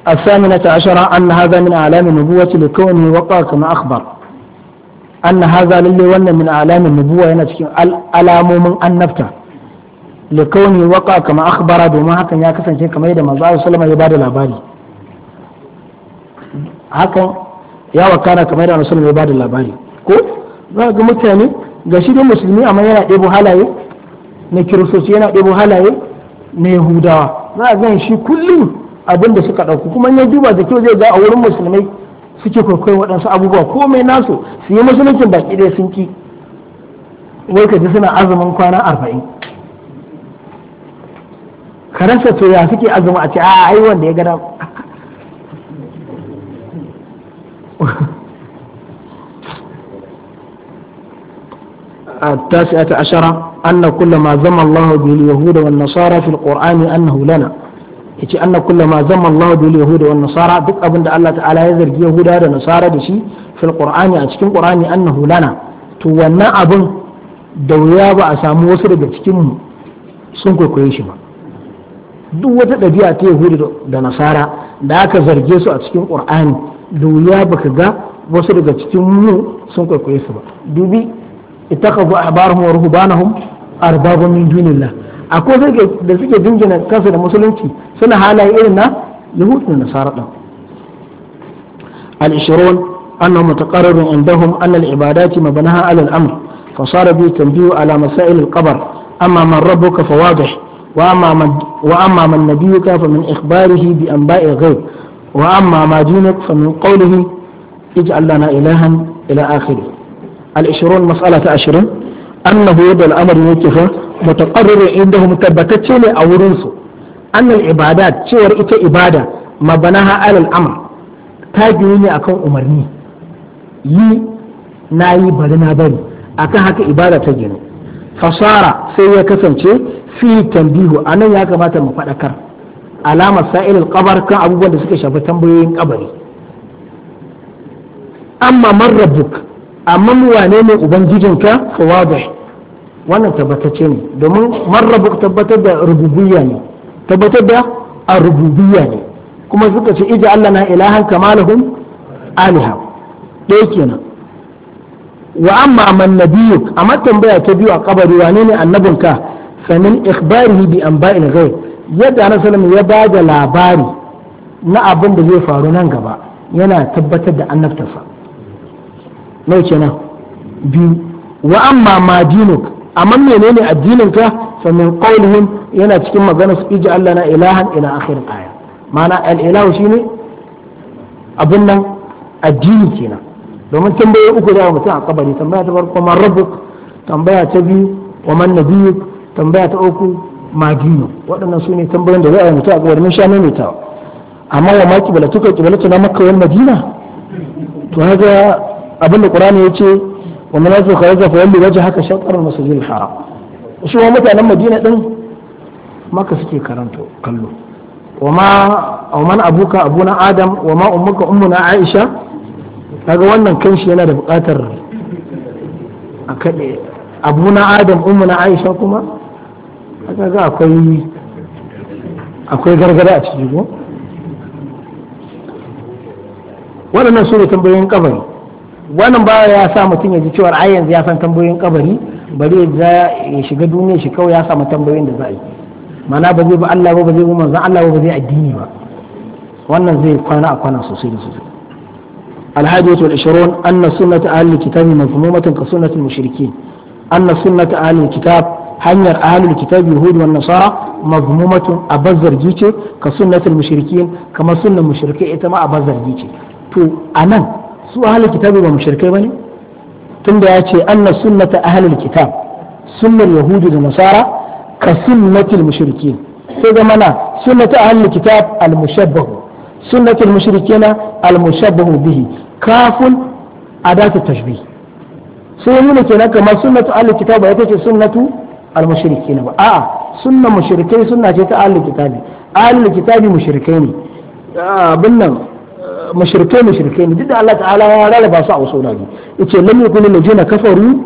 A: الثامنة عشرة أن هذا من أعلام النبوة لكونه وقع كما أخبر أن هذا للي ون من أعلام النبوة ينتشكي الألام من النبتة لكونه وقع كما أخبر بما حكا يكسن شيء كما يدى مزاعي وسلم يبادل الأبالي حكا يا وكان كما يدى رسول يبادل الأبالي كو za ga mutane ga shi dai musulmi amma yana ɗebo halaye na kiristoci yana ɗebo halaye na yahudawa za a gan shi kullum abin da suka ɗauku kuma ya duba da kyau zai ga a wurin musulmai suke kwaikwayo waɗansu abubuwa ko komai nasu su yi musuluncin baki ɗaya sun ki wai ka ji suna azumin kwana arba'in karansa to ya suke azumi a ce a ai wanda ya gada التاسعة عشرة أن كل ما ذم الله به اليهود والنصارى في القرآن أنه لنا yace anna kullu ma zamma Allah bil yahudi wan nasara duk abin da Allah ta'ala ya zargi yahuda da nasara da shi fil a cikin qur'ani annahu lana to wannan abin da ba a samu wasu daga cikin sun kwaikwaye shi ba duk wata ɗabi'a ta yahudi da nasara da aka zarge su a cikin qur'ani da wuya baka ga wasu daga cikin mu sun kwaikwaye su ba dubi ittakhadhu ahbarahum wa ruhbanahum arbaba min dunillah akwai sai da suke dingina kansu da musulunci suna halaye irin na yahud da nasara din al-ishrun anna mutaqarrirun indahum anna al-ibadati mabnaha ala al-amr fa sara bi tanbiyu ala masail al-qabr amma man rabbuka fa wadih wa amma man wa amma man nabiyuka fa min ikhbarihi bi anba'i ghaib wa amma ma dinuka fa min qawlihi ij'al lana ilahan ila akhirih al-20 mas'ala ta 20 annahu yadda al'amarin yake fa mutaqarrir indahum tabbatacce ne a wurin su annal ibadat cewar ita ibada mabanaha alal amr ta biyu ne akan umarni yi na yi bari na bari akan haka ibada ta gina fasara sai ya kasance fi tambihu anan ya kamata mu faɗakar alamar sa'ilin kabar kan abubuwan da suke shafi tambayoyin ƙabari. amma man rabbuk amma mu wane ne ubangijinka fa wadih wannan tabbatacce ne domin marrabu tabbatar da rububiyya ne tabbatar da a arububiyya ne kuma suka ce ija Allah na ilahan kamalahum aliha ɗaya kenan wa amma man nabiyuk amma tambaya ta biyu a kabari wane ne annabinka sanin ikhbarihi bi anba'il ghaib yadda annabi sallallahu ya ba da labari na abin da zai faru nan gaba yana tabbatar da annabtarsa nau kenan biyu wa amma ma dinuk amma menene addinin ka fa min qawlihim yana cikin magana su ija Allah na ilahan ila akhir aya mana al ilahu shine abin nan addini kenan domin tambaye uku da mutum a kabari tambaya ta farko man rabbuk tambaya ta biyu wa man nabiyuk tambaya ta uku ma dinu waɗannan su ne tambayoyin da za a yi mutum a kabari mun sha ta amma wa ma kibalatuka kibalatu na makka wal madina to haka abinda qur'ani ya ce wa man yasu kharaja fa walli wajhaka shatr al-masjidil haram shi wa mutanen madina din maka suke karanto kallo wa ma man abuka abuna adam wa ma ummuka ummuna aisha kaga wannan kanshi yana da buƙatar a kade abuna adam ummuna aisha kuma kaga akwai akwai gargada a ciki ko waɗannan su ne tambayoyin kabari wannan ba ya sa mutum ya ji cewa ai yanzu ya san tambayoyin kabari bari ya shiga duniya shi kawai ya samu tambayoyin da za a yi mana ba zai ba Allah ba ba zai umar zan Allah ba zai addini ba wannan zai kwana a kwana sosai da sosai alhadiyatu al-ishrun anna sunnata ahli kitab mafhumatan ka sunnati al-mushrikeen anna sunnata ahli kitab hanyar ahli kitab yahud wa nasara mafhumatun abazzar gice ka sunnati al kamar sunnan ita ma abazzar gice to anan su ahlul kitabi ba mushrikai ba bane tunda ya ce anna sunnata ahlul kitab sunnar yahudi da nasara ka sunnatil mushrikin sai ga mana sunnata ahlul kitab al mushabbahu mushabbah sunnatul mushrikina al mushabbahu bihi kafun adatu tashbih sai ya nuna kenan kamar sunnatu ahlul kitab ita ce sunnatu al mushrikin ba a'a sunnan mushrikai sunna ce ta ahlul kitabi ahlul kitabi mushrikai ne abin nan mushrike mushrike ne duk Allah ta'ala ya rarraba su a wasu wurare yace lam yakunu ladina kafaru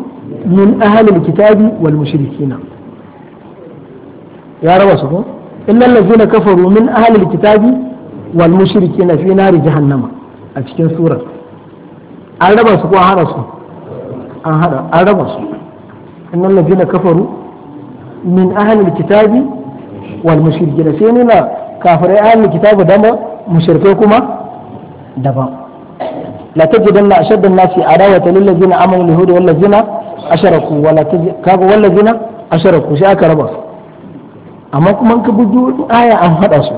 A: min ahli alkitabi wal mushrikina ya raba su ko innal ladina kafaru min ahli alkitabi wal mushrikina fi nari jahannama a cikin surar an raba su ko an hada su an hada an raba su innal ladina kafaru min ahli alkitabi wal mushrikina sai nuna kafirai ahli alkitabi da mushrikai kuma daban la tajidanna ashaddan nasi adawatan lil ladzina amanu yahudi wal ladzina asharaku wala kaga wal ladzina asharaku sai aka raba amma kuma ka bi aya an hada su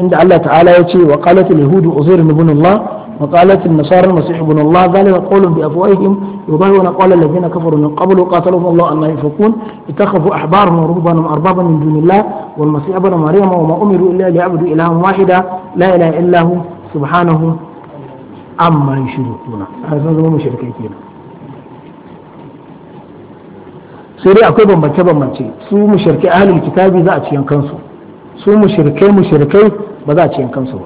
A: inda Allah ta'ala ya ce wa qalat al yahudu uzair ibn Allah وقالت النصارى المسيح ابن الله ذلك قول بافواههم يضاهون قال الذين كفروا من قبل قاتلهم الله ان ita اتخذوا احبارهم ورهبانهم اربابا من دون الله والمسيح ابن مريم وما امروا الا ليعبدوا الها واحدا لا اله الا هو subhanahu. amma yushrikuna an san zama mushrikai kenan sai dai akwai bambance bambance su mushrikai ahlul kitabi za a ciyan kansu su mushrikai mushrikai ba za a ciyan kansu ba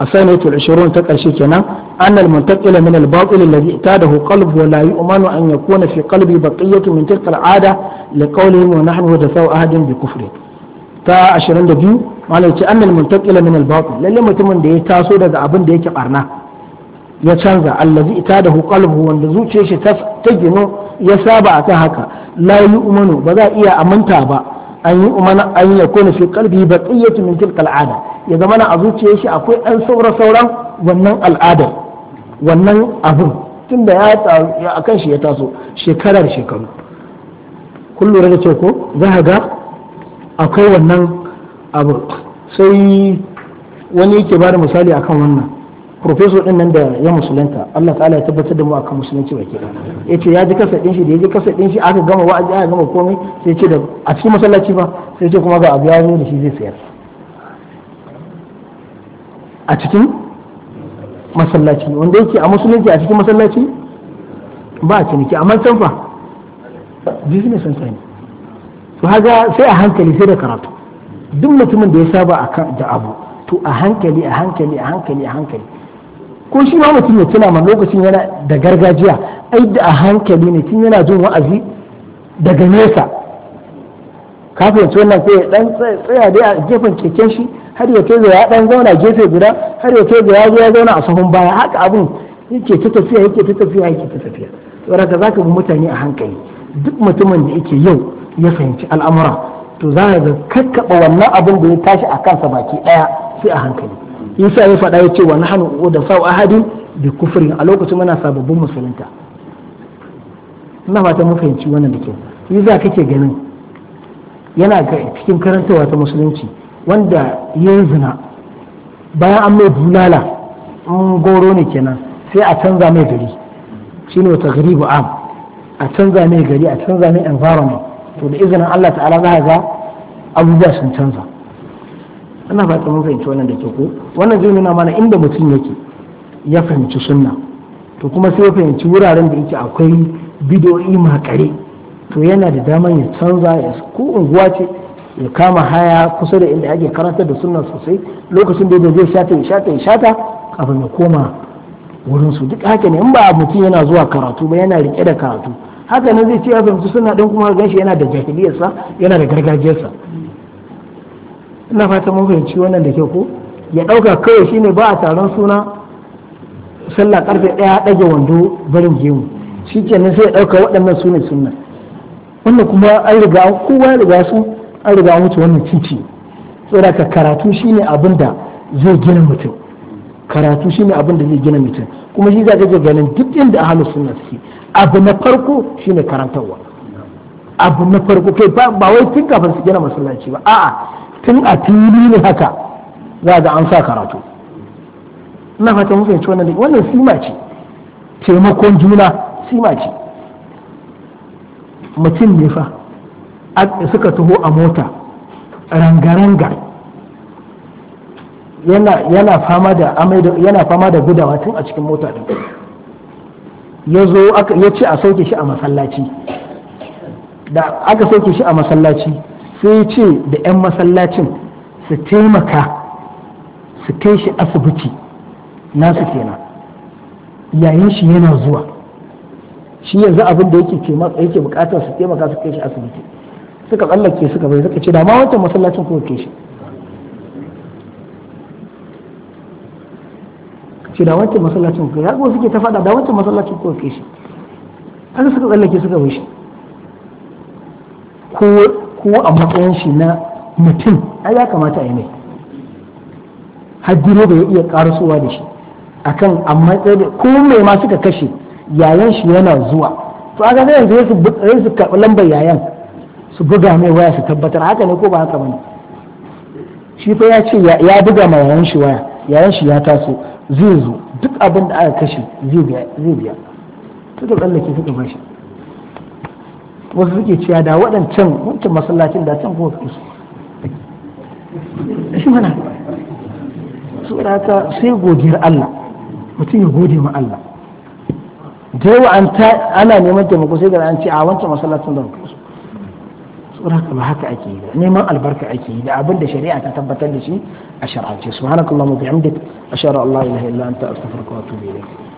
A: الثانية والعشرون تقشي كنا أن المنتقل من الباطل الذي اعتاده قلب ولا يؤمن أن يكون في قلبي بقية من تلك العادة لقولهم ونحن ودفاع أحد بكفره تا عشرين دبيو malam annan annal muntaqila min al-batil lalle mutumin da ya taso daga abin da yake barna ya canza allazi da qalbuhu wanda zuciyar shi ta gino ya saba akan haka la yu'minu ba za iya aminta ba an yi umana an ya kuna fi ba baqiyatu min tilka al'ada ya zama na a zuciyar shi akwai an saura sauran wannan al'ada, wannan abun tunda ya akan shi ya taso shekarar shekaru kullum lura da ce ko za ga akwai wannan abu sai wani yake ba da misali akan wannan profeso din nan da ya musulunta Allah ta'ala ya tabbatar da mu akan musulunci baki ya ce ya ji kasa din shi da ya ji kasa din shi aka gama wa'azi aka gama komai sai ce da a cikin masallaci ba sai ce kuma ga abu ya zo da shi zai sayar a cikin masallaci wanda yake a musulunci a cikin masallaci ba a ciniki amma can fa business sun sani to haka sai a hankali sai da karatu duk mutumin da ya saba da abu to a hankali a hankali a hankali a hankali ko shi ma mutum ya tuna ma lokacin yana da gargajiya ai da a hankali ne tun yana jin wa'azi daga nesa kafin fahimci wannan ko ya dan tsaya dai a gefen keken shi har ya kai ya dan zauna gefe guda har ya kai ya ya zauna a sahun baya haka abun yake ta tafiya yake ta tafiya yake ta tafiya to raka zaka bi mutane a hankali duk mutumin da yake yau ya fahimci al'amura to za a ga kakkaɓa wannan abin da ya tashi a kansa baki ɗaya sai a hankali isa ya faɗa ya ce wa ko da sau ahadi da kufrin a lokacin muna sababbin musulunta ina fata mun fahimci wannan da kyau yasa kake ganin yana ga cikin karantawa ta musulunci wanda ya zina bayan an mai bulala in goro ne kenan sai a canza mai gari shine wata gari am a canza mai gari a canza mai environment to da izinin Allah ta'ala za a ga abubuwa sun canza ana ba ta mun fahimci wannan da ke ko wannan zai nuna mana inda mutum yake ya fahimci sunna to kuma sai ya fahimci wuraren da yake akwai bidoyi makare to yana da daman ya canza ya ko unguwa ce ya kama haya kusa da inda ake karantar da sunna sosai lokacin da zai shata ya shata ya shata kafin ya koma wurin su duk haka ne in ba mutum yana zuwa karatu ba yana rike da karatu haka nan zai ce ya fahimci suna ɗin kuma ganshi yana da jahiliyarsa yana da gargajiyarsa ina fata mun fahimci wannan da ke ko ya ɗauka kawai shine ba a taron suna sallah karfe ɗaya ɗage wando barin gemu shi nan sai ya ɗauka waɗannan su ne suna wannan kuma an riga kowa ya riga su an riga an wuce wannan titi saboda ka karatu shine abin da zai gina mutum karatu shine abin da zai gina mutum kuma shi za ka ganin duk inda ahlus sunna suke abu na farko shine karantarwa abu na farko kai ba wai tun kafin su gina masallaci ba a'a tun a fili ne haka za ga an sa karatu ina fata mun fahimci wannan wannan sima ce taimakon juna sima ce mutum ne fa suka taho a mota rangaranga yana fama da gudawa tun a cikin mota din ya zo ya ce a sauke shi a masallaci da aka sauke shi a masallaci sai ya ce da 'yan masallacin su taimaka su kai shi asibiti nasu kenan yayin shi yana zuwa shi yanzu abin da yake yake bukatar su taimaka su kai shi asibiti suka tsallake suka bai suka ce da ma wancan masallacin kuma ke shi ce da wancan masallacin kai har suke ta fada da wancan masallacin ko kai shi an suka tsallake suka bai shi ko a matsayin shi na mutum ai ya kamata a yi mai haddiro bai iya karasowa da shi akan amma ko mai ma suka kashe yayan shi yana zuwa to a ga yanzu sai su karɓi lambar yayan su buga mai waya su tabbatar haka ne ko ba haka bane shi fa ya ce ya buga ma yayan shi waya yayan shi ya taso zai zo duk abin da aka kashe zai biya ta da Allah ke suka bashi wasu suke ciya da waɗancan wancan masallacin da can kuma su shi mana su haka sai godiyar Allah mutum ya gode ma Allah da yawa ana neman taimako sai da an ce a wancan masallacin da tsoron ba haka ake yi neman albarka ake yi da abin da
B: shari'a ta tabbatar da shi a shar'ance subhanakallahumma bihamdik ashhadu an la ilaha illa anta astaghfiruka wa atubu ilayk